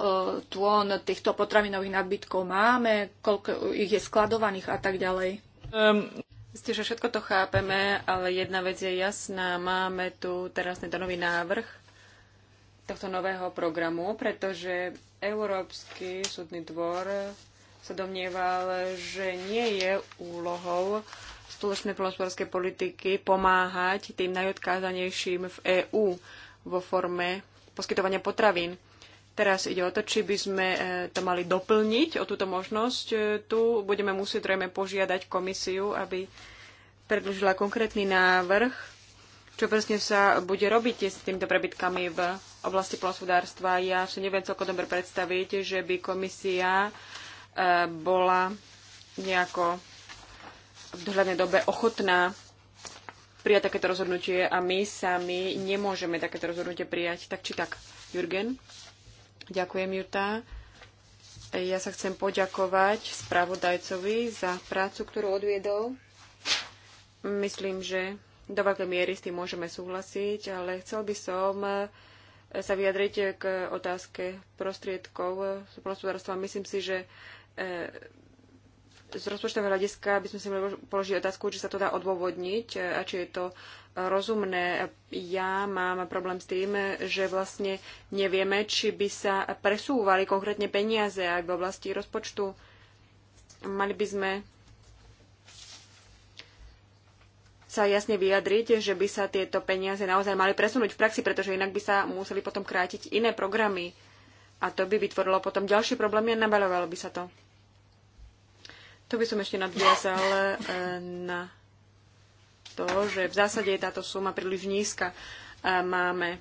Speaker 4: tón týchto potravinových nadbytkov máme, koľko ich je skladovaných a tak ďalej. Um, ehm. ste, že
Speaker 2: všetko to chápeme, ale jedna vec je jasná. Máme tu teraz tento nový návrh tohto nového programu, pretože Európsky súdny dvor sa domnieval, že nie je úlohou spoločnej poľnohospodárskej politiky pomáhať tým najodkázanejším v EÚ vo forme poskytovania potravín. Teraz ide o to, či by sme e, to mali doplniť o túto možnosť. E, tu budeme musieť zrejme požiadať komisiu, aby predložila konkrétny návrh, čo presne sa bude robiť s týmito prebytkami v oblasti plnospodárstva. Ja si neviem celkom dobre predstaviť, že by komisia e, bola nejako v dohľadnej dobe ochotná prijať takéto rozhodnutie a my sami nemôžeme takéto rozhodnutie prijať. Tak či tak, Jurgen? Ďakujem, Juta. Ja sa chcem poďakovať spravodajcovi za prácu, ktorú odviedol. Myslím, že do veľkej miery s tým môžeme súhlasiť, ale chcel by som eh, sa vyjadriť k otázke prostriedkov poľnohospodárstva. Myslím si, že eh, z rozpočtového hľadiska by sme si mohli položiť otázku, či sa to dá odôvodniť e, a či je to rozumné. Ja mám problém s tým, že vlastne nevieme, či by sa presúvali konkrétne peniaze aj v oblasti rozpočtu. Mali by sme sa jasne vyjadriť, že by sa tieto peniaze naozaj mali presunúť v praxi, pretože inak by sa museli potom krátiť iné programy. A to by vytvorilo potom ďalšie problémy a nabalovalo by sa to. Tu by som ešte nadviazal e, na to, že v zásade je táto suma príliš nízka. E, máme e,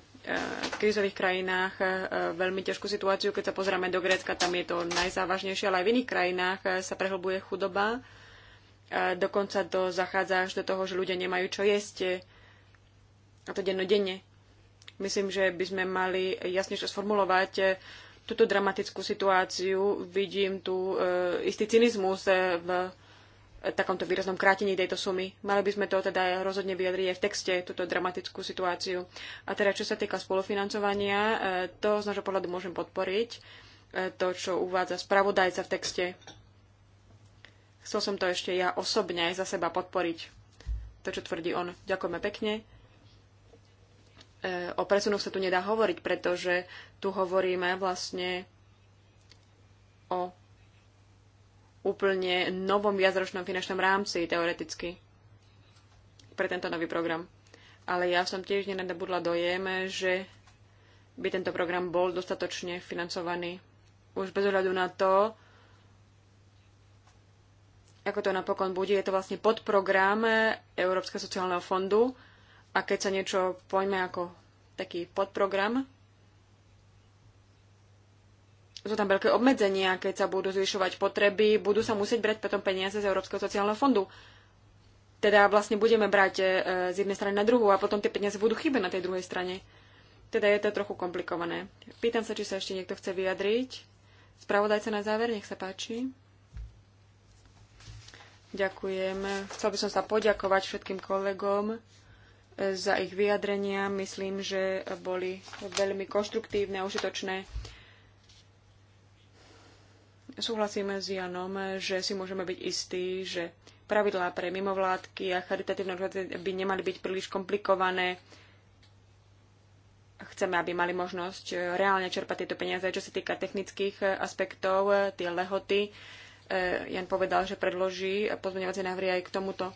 Speaker 2: v krízových krajinách veľmi ťažkú situáciu. Keď sa pozrieme do Grécka, tam je to najzávažnejšie, ale aj v iných krajinách sa prehlbuje chudoba. Dokonca to zachádza až do toho, že ľudia nemajú čo jesť. A to dennodenne. Myslím, že by sme mali jasnejšie sformulovať túto dramatickú situáciu, vidím tu e, istý cynizmus e, v takomto výraznom krátení tejto sumy. Mali by sme to teda rozhodne vyjadriť aj v texte, túto dramatickú situáciu. A teda, čo sa týka spolufinancovania, e, to z nášho pohľadu môžem podporiť, to, čo uvádza spravodajca v texte. Chcel som to ešte ja osobne aj za seba podporiť, to, čo tvrdí on. Ďakujeme pekne. E, o presunoch sa tu nedá hovoriť, pretože tu hovoríme vlastne o úplne novom viacročnom finančnom rámci teoreticky pre tento nový program. Ale ja som tiež nenadobudla dojem, že by tento program bol dostatočne financovaný. Už bez ohľadu na to, ako to napokon bude, je to vlastne podprogram Európskeho sociálneho fondu, a keď sa niečo pojme ako taký podprogram, sú tam veľké obmedzenia, keď sa budú zvyšovať potreby, budú sa musieť brať potom peniaze z Európskeho sociálneho fondu. Teda vlastne budeme brať e, z jednej strany na druhú a potom tie peniaze budú chybe na tej druhej strane. Teda je to trochu komplikované. Pýtam sa, či sa ešte niekto chce vyjadriť. Spravodajca na záver, nech sa páči. Ďakujem. Chcel by som sa poďakovať všetkým kolegom za ich vyjadrenia. Myslím, že boli veľmi konštruktívne a užitočné. Súhlasíme s Janom, že si môžeme byť istí, že pravidlá pre mimovládky a charitatívne organizácie by nemali byť príliš komplikované. Chceme, aby mali možnosť reálne čerpať tieto peniaze. Čo sa týka technických aspektov, tie lehoty, e, Jan povedal, že predloží pozmeňovacie návrhy aj k tomuto.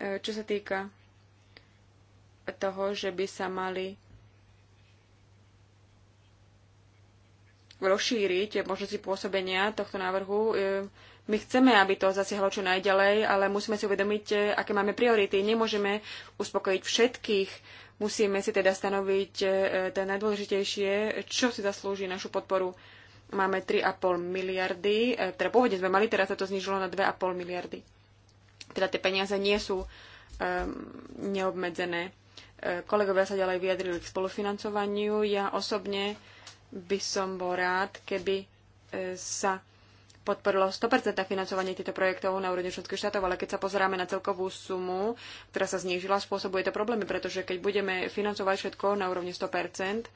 Speaker 2: E, čo sa týka toho, že by sa mali rozšíriť možnosti pôsobenia tohto návrhu. E, my chceme, aby to zasiahlo čo najďalej, ale musíme si uvedomiť, e, aké máme priority. Nemôžeme uspokojiť všetkých. Musíme si teda stanoviť e, to najdôležitejšie, čo si zaslúži našu podporu. Máme 3,5 miliardy, teda pôvodne sme mali, teraz sa to znižilo na 2,5 miliardy. Teda tie peniaze nie sú um, neobmedzené. Kolegovia sa ďalej vyjadrili k spolufinancovaniu. Ja osobne by som bol rád, keby e, sa podporilo 100% financovanie týchto projektov na úrovni členských štátov, ale keď sa pozeráme na celkovú sumu, ktorá sa znížila, spôsobuje to problémy, pretože keď budeme financovať všetko na úrovni 100%,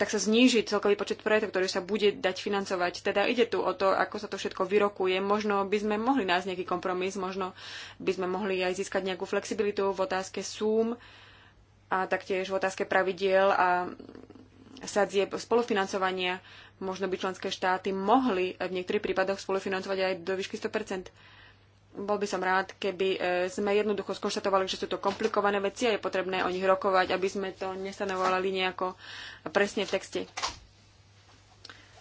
Speaker 2: tak sa zníži celkový počet projektov, ktorý sa bude dať financovať. Teda ide tu o to, ako sa to všetko vyrokuje. Možno by sme mohli nájsť nejaký kompromis, možno by sme mohli aj získať nejakú flexibilitu v otázke súm a taktiež v otázke pravidiel a sadzie spolufinancovania. Možno by členské štáty mohli v niektorých prípadoch spolufinancovať aj do výšky 100 bol by som rád, keby e, sme jednoducho skonštatovali, že sú to komplikované veci a je potrebné o nich rokovať, aby sme to nestanovali nejako presne v texte.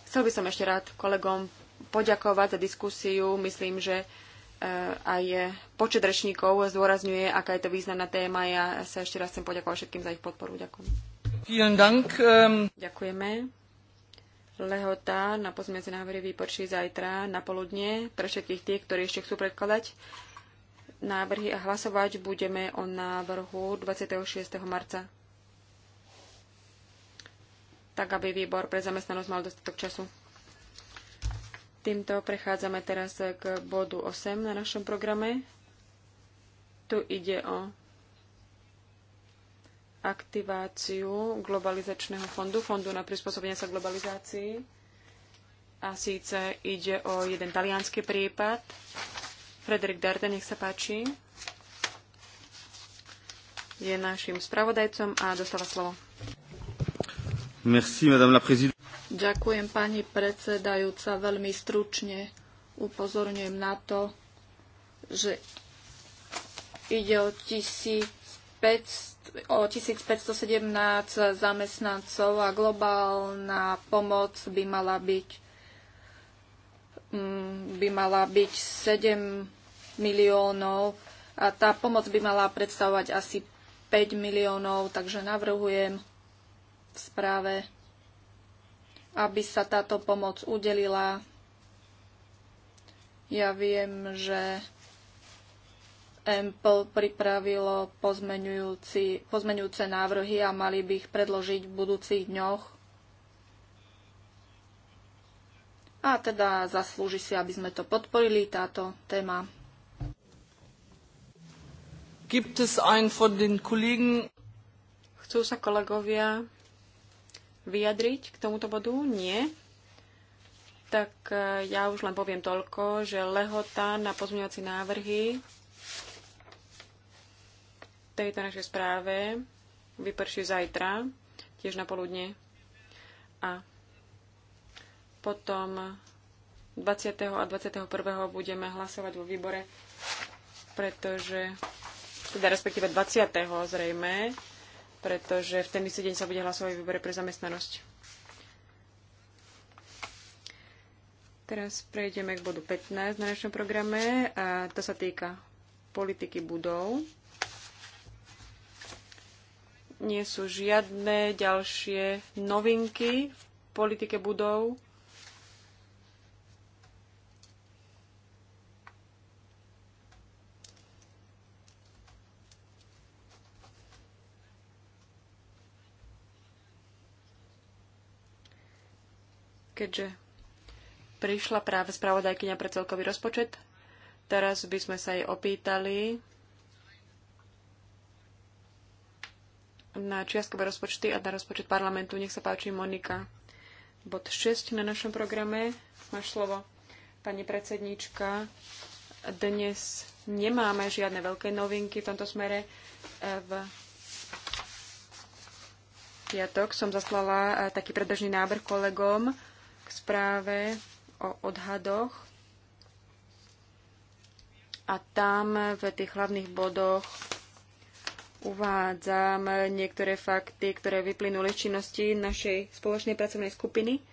Speaker 2: Chcel by som ešte rád kolegom poďakovať za diskusiu. Myslím, že e, aj počet rečníkov zdôrazňuje, aká je to významná téma. Ja sa ešte raz chcem poďakovať všetkým za ich podporu. Ďakujem. Ähm, Ďakujeme. Lehota na pozmiace návrhy výpočí zajtra na poludne pre všetkých tých, ktorí ešte chcú predkladať návrhy a hlasovať budeme o návrhu 26. marca. Tak, aby výbor pre zamestnanosť mal dostatok času. Týmto prechádzame teraz k bodu 8 na našom programe. Tu ide o aktiváciu globalizačného fondu, fondu na prispôsobenie sa globalizácii. A síce ide o jeden talianský prípad. Frederik Darden, nech sa páči. Je našim
Speaker 4: spravodajcom a dostáva slovo. Merci, madame la Ďakujem, pani predsedajúca. Veľmi stručne upozorňujem na to, že ide o 1500 o 1517 zamestnancov a globálna pomoc by mala byť mm, by mala byť 7 miliónov a tá pomoc by mala predstavovať asi 5 miliónov, takže navrhujem v správe, aby sa táto pomoc udelila. Ja viem, že EMPL pripravilo pozmeňujúce návrhy a mali by ich predložiť v budúcich dňoch. A teda zaslúži si, aby sme to podporili, táto téma.
Speaker 2: Gibt es einen von den Kollegen? Chcú sa kolegovia vyjadriť k tomuto bodu? Nie tak eh, ja už len poviem toľko, že lehota na pozmeňovací návrhy tejto našej správe vyprší zajtra, tiež na poludne. A potom 20. a 21. budeme hlasovať vo výbore, pretože, teda respektíve 20. zrejme, pretože v ten istý deň sa bude hlasovať v výbore pre zamestnanosť. Teraz prejdeme k bodu 15 na našom programe. A to sa týka politiky budov nie sú žiadne ďalšie novinky v politike budov. Keďže prišla práve spravodajkyňa pre celkový rozpočet, teraz by sme sa jej opýtali, na čiastkové rozpočty a na rozpočet parlamentu. Nech sa páči, Monika. Bod 6 na našom programe. Máš slovo. Pani predsedníčka, dnes nemáme žiadne veľké novinky v tomto smere. E, v piatok som zaslala e, taký predržný návrh kolegom k správe o odhadoch a tam v tých hlavných bodoch uvádzam niektoré fakty, ktoré vyplynuli z činnosti našej spoločnej pracovnej skupiny,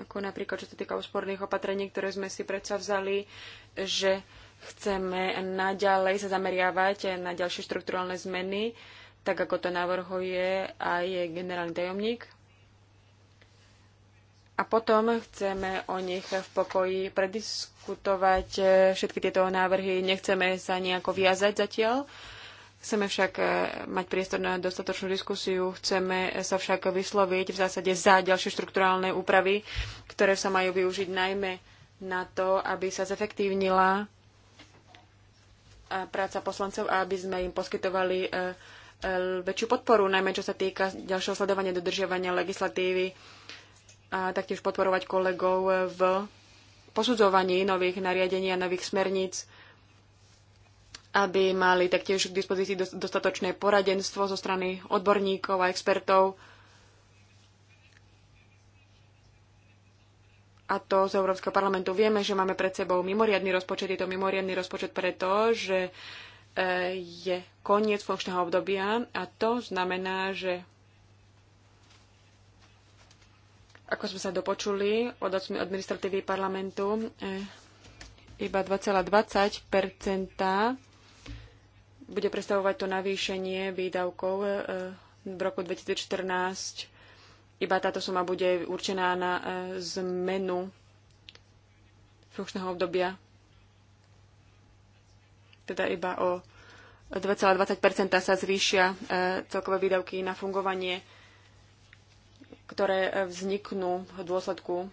Speaker 2: ako napríklad, čo sa týka úsporných opatrení, ktoré sme si predsa vzali, že chceme naďalej sa zameriavať na ďalšie štrukturálne zmeny, tak ako to navrhuje aj generálny tajomník a potom chceme o nich v pokoji prediskutovať e, všetky tieto návrhy. Nechceme sa nejako viazať zatiaľ. Chceme však e, mať priestor na dostatočnú diskusiu, chceme sa však vysloviť v zásade za ďalšie štrukturálne úpravy, ktoré sa majú využiť najmä na to, aby sa zefektívnila e, práca poslancov a aby sme im poskytovali väčšiu podporu, najmä čo sa týka ďalšieho sledovania dodržiavania legislatívy a taktiež podporovať kolegov v posudzovaní nových nariadení a nových smerníc, aby mali taktiež k dispozícii dostatočné poradenstvo zo strany odborníkov a expertov, a to z Európskeho parlamentu. Vieme, že máme pred sebou mimoriadný rozpočet. Je to mimoriadný rozpočet preto, že e, je koniec funkčného obdobia a to znamená, že Ako sme sa dopočuli od administratívy parlamentu, eh, iba 2,20 bude predstavovať to navýšenie výdavkov eh, v roku 2014. Iba táto suma bude určená na eh, zmenu funkčného obdobia. Teda iba o 2,20 sa zvýšia celkové výdavky na fungovanie ktoré e, vzniknú v dôsledku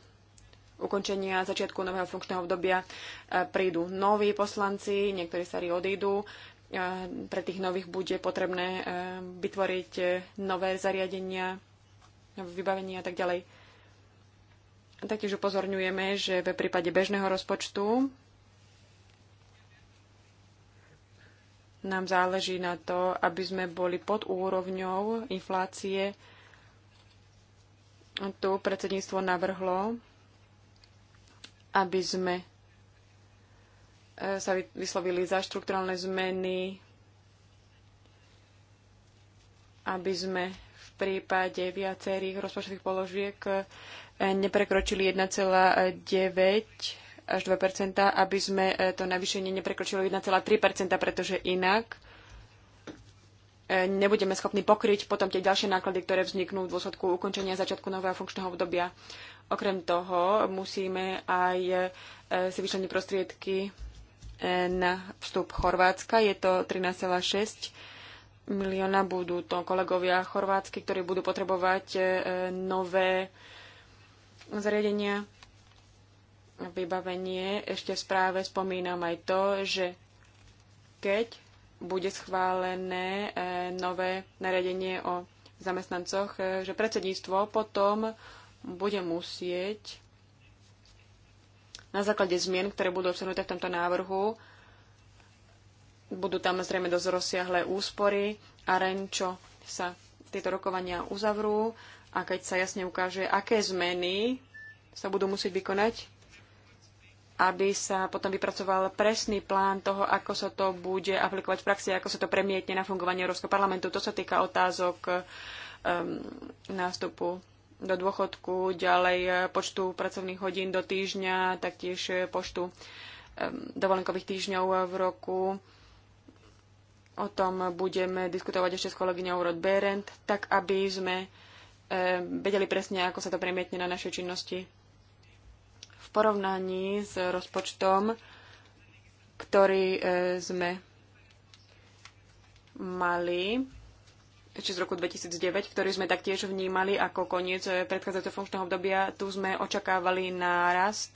Speaker 2: ukončenia začiatku nového funkčného obdobia e, prídu noví poslanci, niektorí starí odídu. E, pre tých nových bude potrebné vytvoriť nové zariadenia, vybavenia a tak ďalej. Taktiež upozorňujeme, že v prípade bežného rozpočtu nám záleží na to, aby sme boli pod úrovňou inflácie tu predsedníctvo navrhlo, aby sme e, sa vyslovili za štruktúralne zmeny, aby sme v prípade viacerých rozpočtových položiek e, neprekročili 1,9 až 2 aby sme e, to navýšenie neprekročilo 1,3 pretože inak E, nebudeme schopní pokryť potom tie ďalšie náklady, ktoré vzniknú v dôsledku ukončenia začiatku nového funkčného obdobia. Okrem toho musíme aj e, si vyčleniť prostriedky e, na vstup Chorvátska. Je to 13,6 milióna. Budú to kolegovia chorvátsky, ktorí budú potrebovať nové zariadenia vybavenie. Ešte v správe spomínam aj to, že keď bude schválené e, nové nariadenie o zamestnancoch, e, že predsedníctvo potom bude musieť na základe zmien, ktoré budú obsahnuté v tomto návrhu, budú tam zrejme dosť rozsiahlé úspory a len čo sa tieto rokovania uzavrú a keď sa jasne ukáže, aké zmeny sa budú musieť vykonať, aby sa potom vypracoval presný plán toho, ako sa to bude aplikovať v praxi, ako sa to premietne na fungovanie Európskeho parlamentu. To sa týka otázok um, nástupu do dôchodku, ďalej eh, počtu pracovných hodín do týždňa, taktiež eh, počtu um, dovolenkových týždňov v roku. O tom budeme diskutovať ešte s kolegyňou Rod Berend, tak aby sme um, vedeli presne, ako sa to premietne na našej činnosti v porovnaní s rozpočtom, ktorý e, sme mali ešte z roku 2009, ktorý sme taktiež vnímali ako koniec e, predchádzajúceho funkčného obdobia. Tu sme očakávali nárast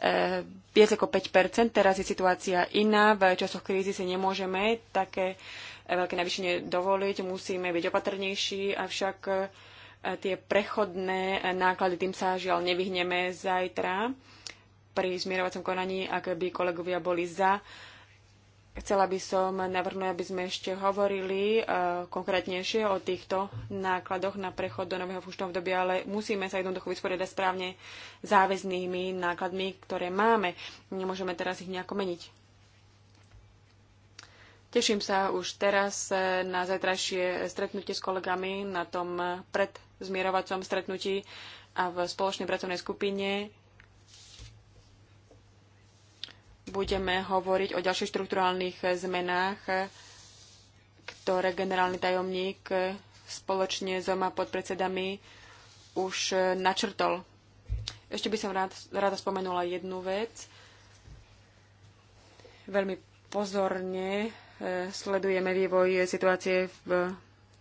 Speaker 2: e, viac ako 5 Teraz je situácia iná. V časoch krízy si nemôžeme také veľké navýšenie dovoliť. Musíme byť opatrnejší, avšak e, E, tie prechodné e, náklady, tým sa žiaľ nevyhneme zajtra pri zmierovacom konaní, ak by kolegovia boli za. Chcela by som navrhnúť, aby sme ešte hovorili e, konkrétnejšie o týchto nákladoch na prechod do nového funkčného obdobia, ale musíme sa jednoducho vysporiadať správne záväznými nákladmi, ktoré máme. Nemôžeme teraz ich nejako meniť. Teším sa už teraz na zajtrajšie stretnutie s kolegami na tom pred zmierovacom stretnutí a v spoločnej pracovnej skupine budeme hovoriť o ďalších štruktúrálnych zmenách, ktoré generálny tajomník spoločne s oma podpredsedami už načrtol. Ešte by som rád, rada spomenula jednu vec. Veľmi pozorne eh, sledujeme vývoj situácie v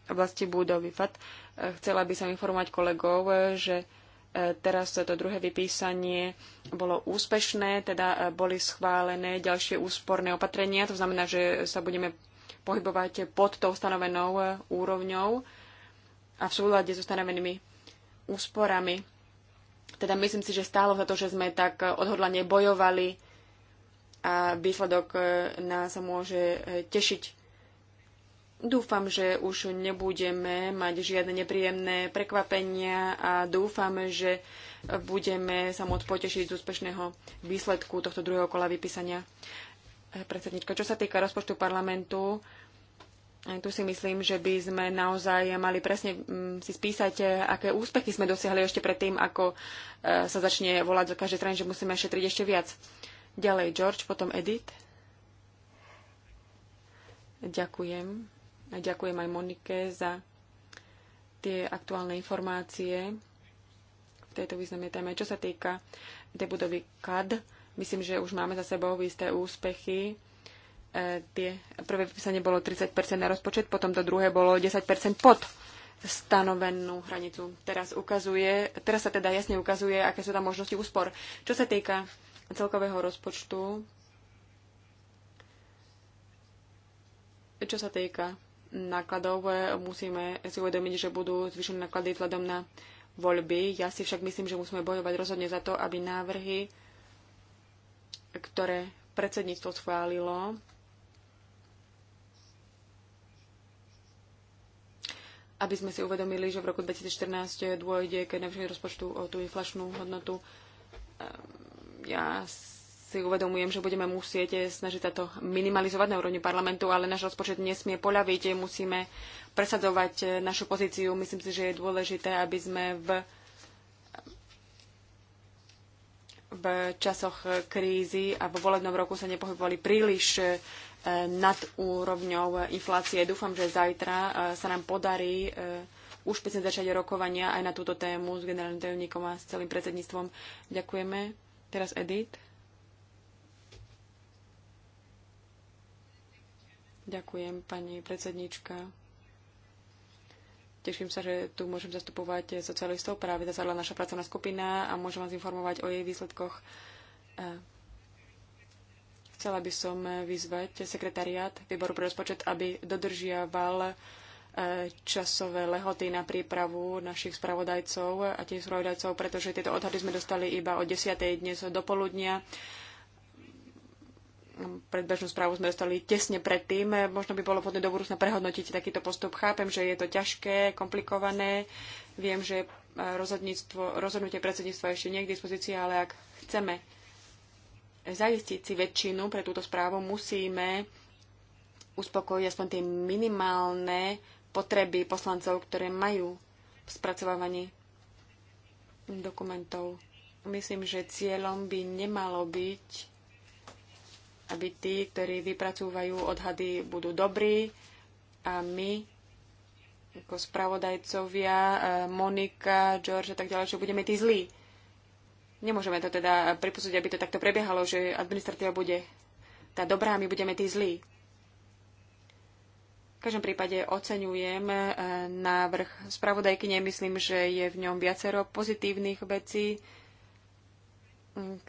Speaker 2: oblasti budovy FAT Chcela by som informovať kolegov, že e, teraz to druhé vypísanie bolo úspešné, teda e, boli schválené ďalšie úsporné opatrenia, to znamená, že sa budeme pohybovať pod tou stanovenou e, úrovňou a v súlade so stanovenými úsporami. Teda myslím si, že stálo za to, že sme tak odhodlane bojovali a výsledok nás môže tešiť. Dúfam, že už nebudeme mať žiadne nepríjemné prekvapenia a dúfam, že budeme sa môcť potešiť z úspešného výsledku tohto druhého kola vypísania. Eh, Predsednička, čo sa týka rozpočtu parlamentu, eh, tu si myslím, že by sme naozaj mali presne mm, si spísať, eh, aké úspechy sme dosiahli ešte predtým, ako sa začne volať zo každej strany, že musíme šetriť ešte viac. Ďalej George, potom Edith. Ďakujem. A ďakujem aj Monike za tie aktuálne informácie v tejto významnej téme. Čo sa týka tej budovy CAD, myslím, že už máme za sebou isté úspechy. E, tie prvé vypísanie bolo 30% na rozpočet, potom to druhé bolo 10% pod stanovenú hranicu. Teraz, ukazuje, teraz sa teda jasne ukazuje, aké sú tam možnosti úspor. Čo sa týka celkového rozpočtu, čo sa týka nákladov e, musíme si uvedomiť, že budú zvyšené náklady vzhľadom na voľby. Ja si však myslím, že musíme bojovať rozhodne za to, aby návrhy, ktoré predsedníctvo schválilo, aby sme si uvedomili, že v roku 2014 dôjde k navýšeniu rozpočtu o tú inflačnú hodnotu. Ehm, ja si uvedomujem, že budeme musieť snažiť sa to minimalizovať na úrovni parlamentu, ale náš rozpočet nesmie poľaviť, musíme presadzovať eh, našu pozíciu. Myslím si, že je dôležité, aby sme v, v časoch eh, krízy a vo volebnom roku sa nepohybovali príliš eh, nad úrovňou inflácie. Dúfam, že zajtra sa nám podarí už pekne začať rokovania aj na túto tému s generálnym tajomníkom a s celým predsedníctvom. Ďakujeme. Teraz Edith. Ďakujem, pani predsednička. Teším sa, že tu môžem zastupovať socialistov. Práve zasadla naša pracovná skupina a môžem vás informovať o jej výsledkoch. E, chcela by som vyzvať sekretariát výboru pre rozpočet, aby dodržiaval e, časové lehoty na prípravu našich spravodajcov a tých spravodajcov, pretože tieto odhady sme dostali iba o 10. dnes do poludnia. Mm, predbežnú správu sme dostali tesne predtým. E, možno by bolo vhodné do budúcna prehodnotiť takýto postup. Chápem, že je to ťažké, komplikované. Viem, že e, rozhodnutie predsedníctva ešte nie je k dispozícii, ale ak chceme zajistiť si väčšinu pre túto správu, musíme uspokojiť aspoň tie minimálne potreby poslancov, ktoré majú v spracovávaní dokumentov. Myslím, že cieľom by nemalo byť aby tí, ktorí vypracúvajú odhady, budú dobrí a my ako spravodajcovia, e, Monika, George a tak ďalej, že budeme tí zlí. Nemôžeme to teda pripustiť, aby to takto prebiehalo, že administratíva bude tá dobrá a my budeme tí zlí. V každom prípade oceňujem e, návrh spravodajky. Nemyslím, že je v ňom viacero pozitívnych vecí.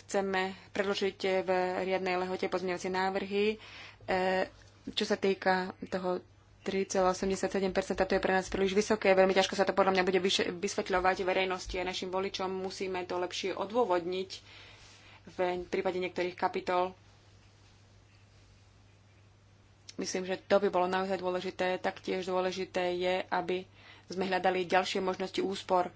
Speaker 2: Chceme predložiť v riadnej lehote pozmeňovacie návrhy. E, čo sa týka toho 3,87%, to je pre nás príliš vysoké. Veľmi ťažko sa to podľa mňa bude vysvetľovať verejnosti a našim voličom. Musíme to lepšie odôvodniť v prípade niektorých kapitol. Myslím, že to by bolo naozaj dôležité. Taktiež dôležité je, aby sme hľadali ďalšie možnosti úspor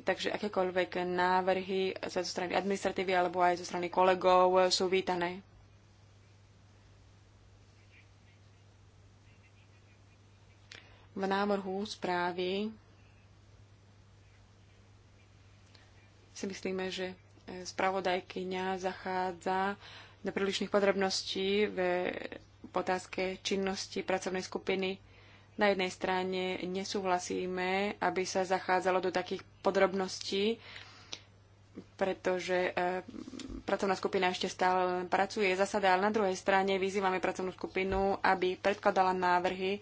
Speaker 2: Takže akékoľvek návrhy zo strany administratívy alebo aj zo strany kolegov sú vítané. V návrhu správy si myslíme, že spravodajkyňa zachádza do prílišných podrobností v otázke činnosti pracovnej skupiny na jednej strane nesúhlasíme, aby sa zachádzalo do takých podrobností, pretože e, pracovná skupina ešte stále pracuje, zasada, ale na druhej strane vyzývame pracovnú skupinu, aby predkladala návrhy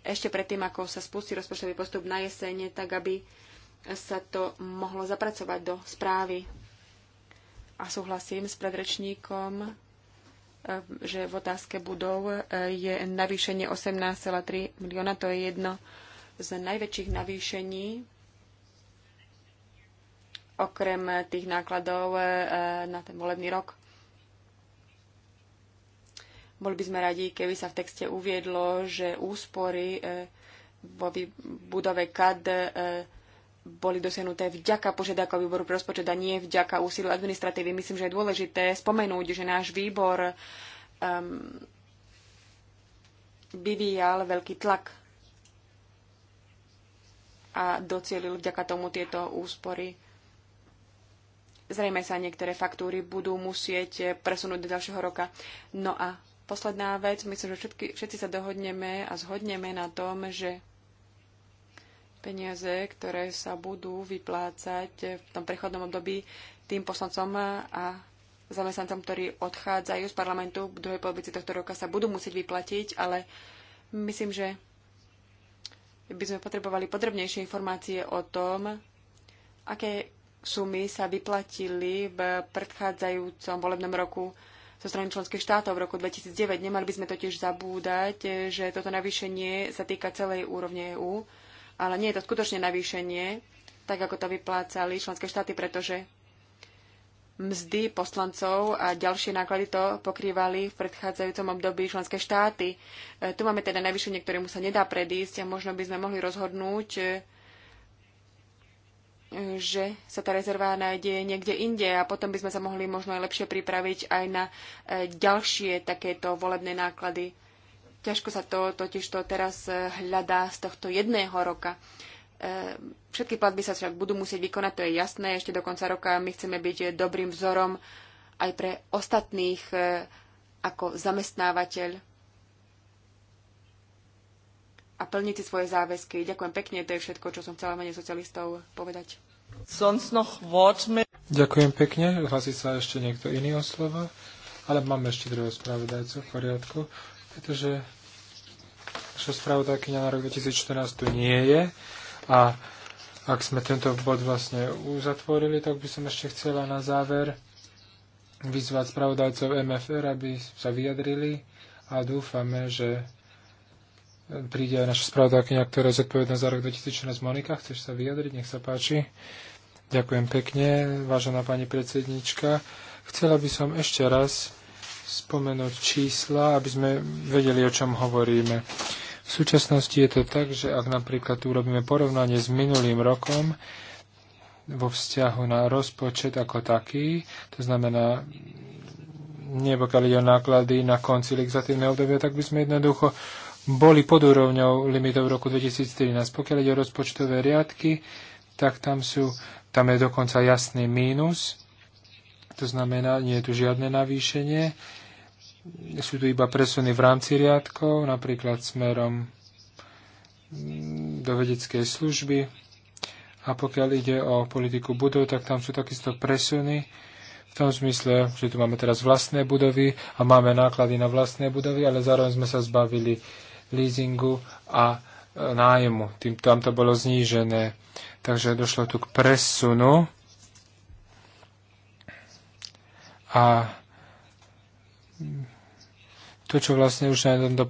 Speaker 2: ešte predtým, ako sa spustí rozpočtový postup na jesene, tak aby sa to mohlo zapracovať do správy. A súhlasím s predrečníkom, že v otázke budov e, je navýšenie 18,3 milióna. To je jedno z najväčších navýšení okrem tých nákladov e, na ten volebný rok. Boli by sme radi, keby sa v texte uviedlo, že úspory e, vo budove KAD boli dosiahnuté vďaka požiadavka výboru pre rozpočet a nie vďaka úsiliu administratívy. Myslím, že je dôležité spomenúť, že náš výbor um, vyvíjal veľký tlak a docielil vďaka tomu tieto úspory. Zrejme sa niektoré faktúry budú musieť presunúť do ďalšieho roka. No a posledná vec, myslím, že všetky, všetci sa dohodneme a zhodneme na tom, že peniaze, ktoré sa budú vyplácať v tom prechodnom období tým poslancom a zamestnancom, ktorí odchádzajú z parlamentu v druhej polovici tohto roka, sa budú musieť vyplatiť, ale myslím, že by sme potrebovali podrobnejšie informácie o tom, aké sumy sa vyplatili v predchádzajúcom volebnom roku zo strany členských štátov v roku 2009. Nemali by sme totiž zabúdať, že toto navýšenie sa týka celej úrovne EÚ ale nie je to skutočne navýšenie, tak ako to vyplácali členské štáty, pretože mzdy poslancov a ďalšie náklady to pokrývali v predchádzajúcom období členské štáty. E, tu máme teda navýšenie, ktorému sa nedá predísť a možno by sme mohli rozhodnúť, e, že sa tá rezerva nájde niekde inde a potom by sme sa mohli možno aj lepšie pripraviť aj na e, ďalšie takéto volebné náklady. Ťažko sa to totiž to teraz e, hľadá z tohto jedného roka. E, všetky platby sa však budú musieť vykonať, to je jasné. Ešte do konca roka my chceme byť dobrým vzorom aj pre ostatných e, ako zamestnávateľ a plniť si svoje záväzky. Ďakujem pekne, to je všetko, čo som chcela mene socialistov povedať.
Speaker 3: Ďakujem pekne. Hlasí sa ešte niekto iný o slovo? ale máme ešte druhého spravodajcu v poriadku, pretože naša spravodajkyňa na rok 2014 tu nie je a ak sme tento bod vlastne uzatvorili, tak by som ešte chcela na záver vyzvať spravodajcov MFR, aby sa vyjadrili a dúfame, že príde aj naša spravodajkynia, ktorá je zodpovedná za rok 2016. Monika, chceš sa vyjadriť? Nech sa páči. Ďakujem pekne, vážená pani predsednička. Chcela by som ešte raz spomenúť čísla, aby sme vedeli, o čom hovoríme. V súčasnosti je to tak, že ak napríklad urobíme porovnanie s minulým rokom vo vzťahu na rozpočet ako taký, to znamená nie pokiaľ ide o náklady na konci legislatívneho obdobia, tak by sme jednoducho boli pod úrovňou limitov roku 2013. Pokiaľ ide o rozpočtové riadky, tak tam, sú, tam je dokonca jasný mínus, to znamená, nie je tu žiadne navýšenie sú tu iba presuny v rámci riadkov, napríklad smerom do vedeckej služby. A pokiaľ ide o politiku budov, tak tam sú takisto presuny v tom zmysle, že tu máme teraz vlastné budovy a máme náklady na vlastné budovy, ale zároveň sme sa zbavili leasingu a e, nájmu. Tým, tam to bolo znížené. Takže došlo tu k presunu a to, čo vlastne už na tomto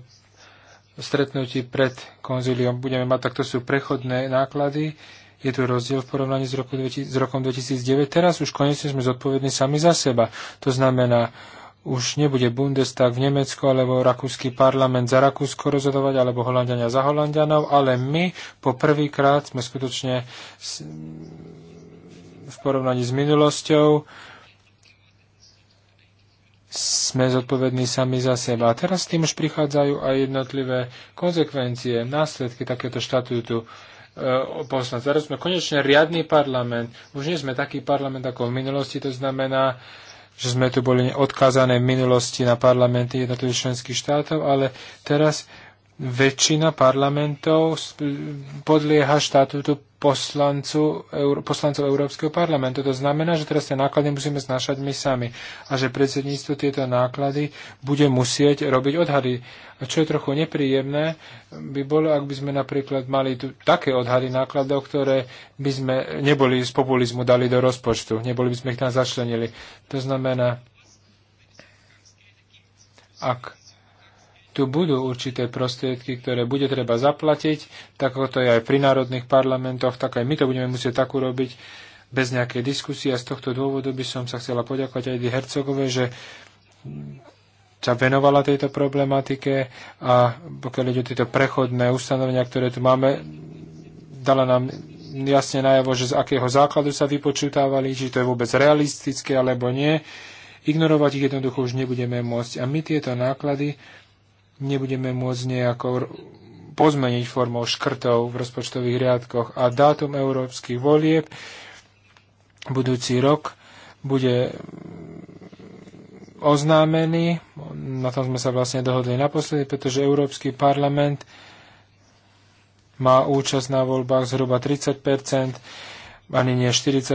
Speaker 3: stretnutí pred konzíliom budeme mať, tak to sú prechodné náklady. Je tu rozdiel v porovnaní s, roku, s rokom 2009. Teraz už konečne sme zodpovední sami za seba. To znamená, už nebude Bundestag v Nemecku alebo Rakúsky parlament za Rakúsko rozhodovať alebo Holandiania za Holandianov, ale my po prvýkrát sme skutočne v porovnaní s minulosťou sme zodpovední sami za seba. A teraz s tým už prichádzajú aj jednotlivé konsekvencie, následky takéto štatútu e, poslanca. Teraz sme konečne riadný parlament. Už nie sme taký parlament ako v minulosti, to znamená, že sme tu boli odkázané v minulosti na parlamenty jednotlivých členských štátov, ale teraz väčšina parlamentov podlieha štatútu poslancu, poslancov Európskeho parlamentu. To znamená, že teraz tie náklady musíme znášať my sami a že predsedníctvo tieto náklady bude musieť robiť odhady. A čo je trochu nepríjemné, by bolo, ak by sme napríklad mali tu také odhady nákladov, ktoré by sme neboli z populizmu dali do rozpočtu, neboli by sme ich tam začlenili. To znamená, ak tu budú určité prostriedky, ktoré bude treba zaplatiť, tak ako to je aj pri národných parlamentoch, tak aj my to budeme musieť tak urobiť bez nejakej diskusie a z tohto dôvodu by som sa chcela poďakovať aj Hercogovej, že sa venovala tejto problematike a pokiaľ ide o tieto prechodné ustanovenia, ktoré tu máme, dala nám jasne najavo, že z akého základu sa vypočútávali, či to je vôbec realistické alebo nie. Ignorovať ich jednoducho už nebudeme môcť. A my tieto náklady nebudeme môcť nejako pozmeniť formou škrtov v rozpočtových riadkoch. A dátum európskych volieb budúci rok bude oznámený. Na tom sme sa vlastne dohodli naposledy, pretože Európsky parlament má účasť na voľbách zhruba 30 ani nie 40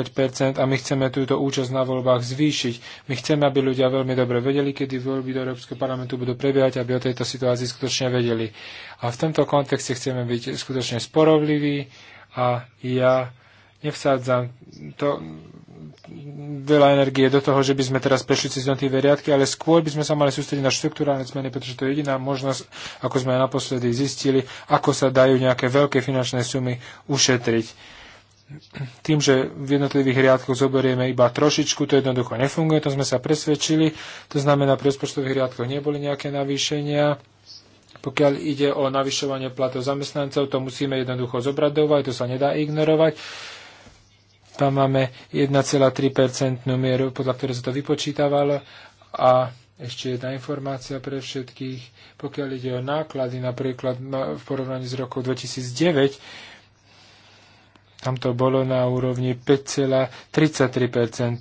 Speaker 3: a my chceme túto účasť na voľbách zvýšiť. My chceme, aby ľudia veľmi dobre vedeli, kedy voľby do Európskeho parlamentu budú prebiehať, aby o tejto situácii skutočne vedeli. A v tomto kontexte chceme byť skutočne sporovliví a ja nevsádzam to veľa energie do toho, že by sme teraz prešli cez jednotlivé riadky, ale skôr by sme sa mali sústrediť na štruktúrálne zmeny, pretože to je jediná možnosť, ako sme naposledy zistili, ako sa dajú nejaké veľké finančné sumy ušetriť tým, že v jednotlivých riadkoch zoberieme iba trošičku, to jednoducho nefunguje, to sme sa presvedčili. To znamená, pri rozpočtových riadkoch neboli nejaké navýšenia. Pokiaľ ide o navyšovanie platov zamestnancov, to musíme jednoducho zobrať do to sa nedá ignorovať. Tam máme 1,3% mieru, podľa ktoré sa to vypočítavalo. A ešte jedna informácia pre všetkých. Pokiaľ ide o náklady, napríklad v porovnaní s rokom 2009, tam to bolo na úrovni 5,33%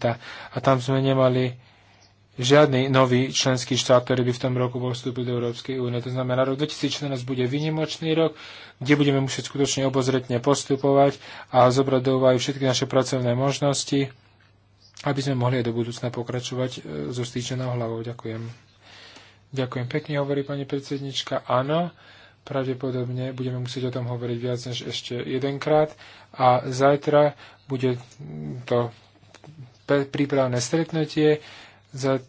Speaker 3: a tam sme nemali žiadny nový členský štát, ktorý by v tom roku bol vstúpil do Európskej únie. To znamená, rok 2014 bude vynimočný rok, kde budeme musieť skutočne obozretne postupovať a zobrať do úvahy všetky naše pracovné možnosti, aby sme mohli aj do budúcna pokračovať e, so stýčenou hlavou. Ďakujem. Ďakujem pekne, hovorí pani predsednička. Áno, pravdepodobne budeme musieť o tom hovoriť viac než ešte jedenkrát a zajtra bude to prípravné stretnutie,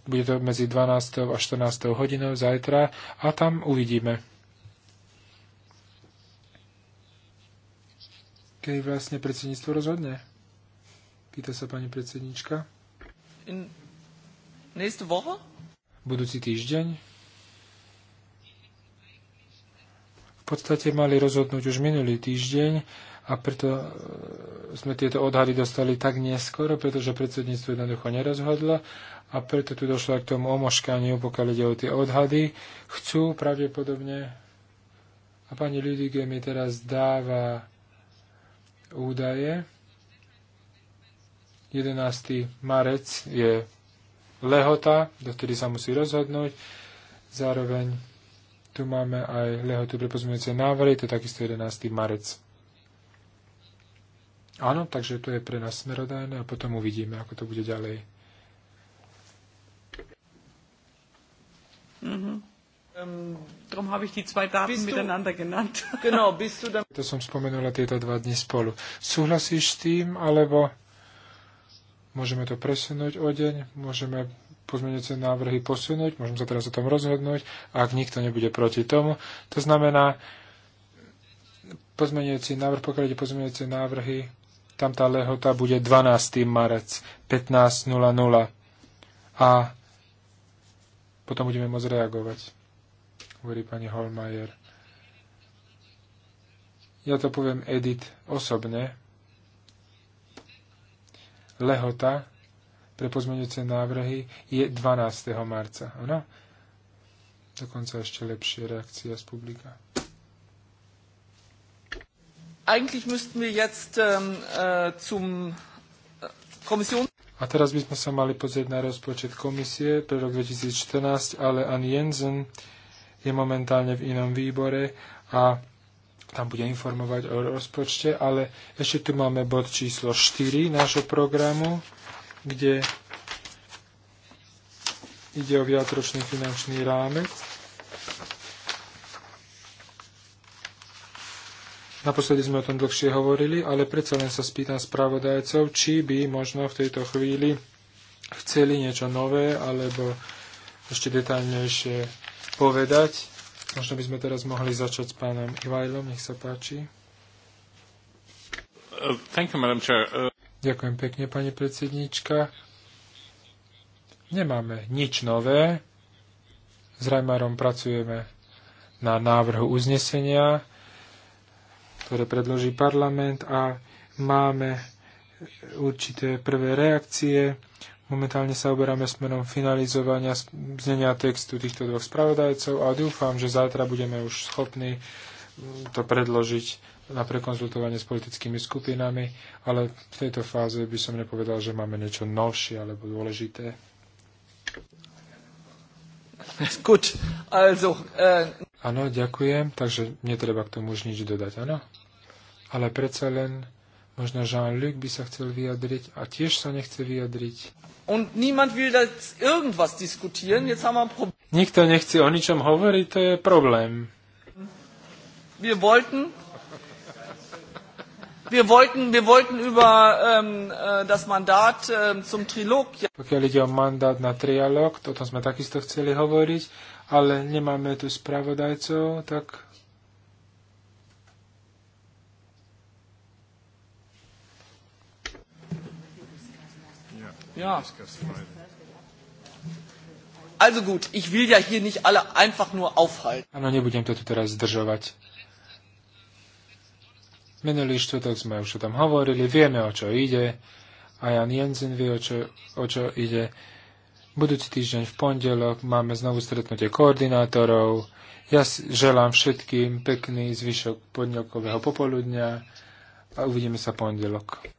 Speaker 3: bude to medzi 12. a 14. hodinou zajtra a tam uvidíme. Kedy vlastne predsedníctvo rozhodne? Pýta sa pani predsednička. In... Budúci týždeň? v podstate mali rozhodnúť už minulý týždeň a preto e, sme tieto odhady dostali tak neskoro, pretože predsedníctvo jednoducho nerozhodlo a preto tu došlo aj k tomu omoškaniu, pokiaľ ide o tie odhady. Chcú pravdepodobne a pani Lüdige mi teraz dáva údaje. 11. marec je lehota, do ktorý sa musí rozhodnúť. Zároveň tu máme aj lehotu pre pozmeňujúce návrhy, to je takisto 11. marec. Áno, takže to je pre nás smerodajné a potom uvidíme, ako to bude ďalej. Mhm. Um, To som spomenula tieto dva dni spolu. Súhlasíš s tým, alebo môžeme to presunúť o deň, môžeme pozmeňujúce návrhy posunúť, môžem sa teraz o tom rozhodnúť, ak nikto nebude proti tomu. To znamená, pozmeňujúci návrh, pokiaľ ide pozmeňujúce návrhy, tam tá lehota bude 12. marec 15.00 a potom budeme môcť reagovať, hovorí pani Holmajer. Ja to poviem Edit osobne. Lehota pre pozmeňujúce návrhy je 12. marca. Áno? Dokonca ešte lepšie reakcia z publika.
Speaker 1: Eigentlich müssten wir jetzt ähm, äh, zum äh,
Speaker 3: Kommission... A teraz by sme sa mali pozrieť na rozpočet komisie pre rok 2014, ale Ann Jensen je momentálne v inom výbore a tam bude informovať o rozpočte, ale ešte tu máme bod číslo 4 nášho programu kde ide o viacročný finančný rámec. Naposledy sme o tom dlhšie hovorili, ale predsa len sa spýtam spravodajcov, či by možno v tejto chvíli chceli niečo nové alebo ešte detaľnejšie povedať. Možno by sme teraz mohli začať s pánom Ivajlom, nech sa páči. Uh, thank you, Madam Chair. Uh... Ďakujem pekne, pani predsednička. Nemáme nič nové. S Rajmarom pracujeme na návrhu uznesenia, ktoré predloží parlament a máme určité prvé reakcie. Momentálne sa oberáme smerom finalizovania znenia textu týchto dvoch spravodajcov a dúfam, že zajtra budeme už schopní to predložiť na prekonzultovanie s politickými skupinami, ale v tejto fáze by som nepovedal, že máme niečo novšie alebo dôležité. Äh, áno, äh... ďakujem, takže netreba k tomu už nič dodať, áno? Ale predsa len možno Jean-Luc by sa chcel vyjadriť a tiež sa nechce vyjadriť.
Speaker 1: Und niemand will jetzt irgendwas diskutieren, jetzt haben wir ein
Speaker 3: Nikto nechce o ničom hovoriť, to je problém.
Speaker 1: Wir wollten Wir wollten, wir wollten über ähm, äh, das Mandat
Speaker 3: ähm, zum Trilog... Pokiaľ ide o mandát na trialog, o tom sme takisto chceli hovoriť, ale nemáme tu spravodajcov, tak...
Speaker 1: Ja. Also gut, ich will ja hier nicht alle einfach nur aufhalten.
Speaker 3: Áno, nebudem to tu teraz zdržovať. Minulý štvrtok sme už o tom hovorili, vieme, o čo ide. A Jan Jensen vie, o čo, o čo ide. Budúci týždeň v pondelok máme znovu stretnutie koordinátorov. Ja želám všetkým pekný zvyšok podňokového popoludňa a uvidíme sa pondelok.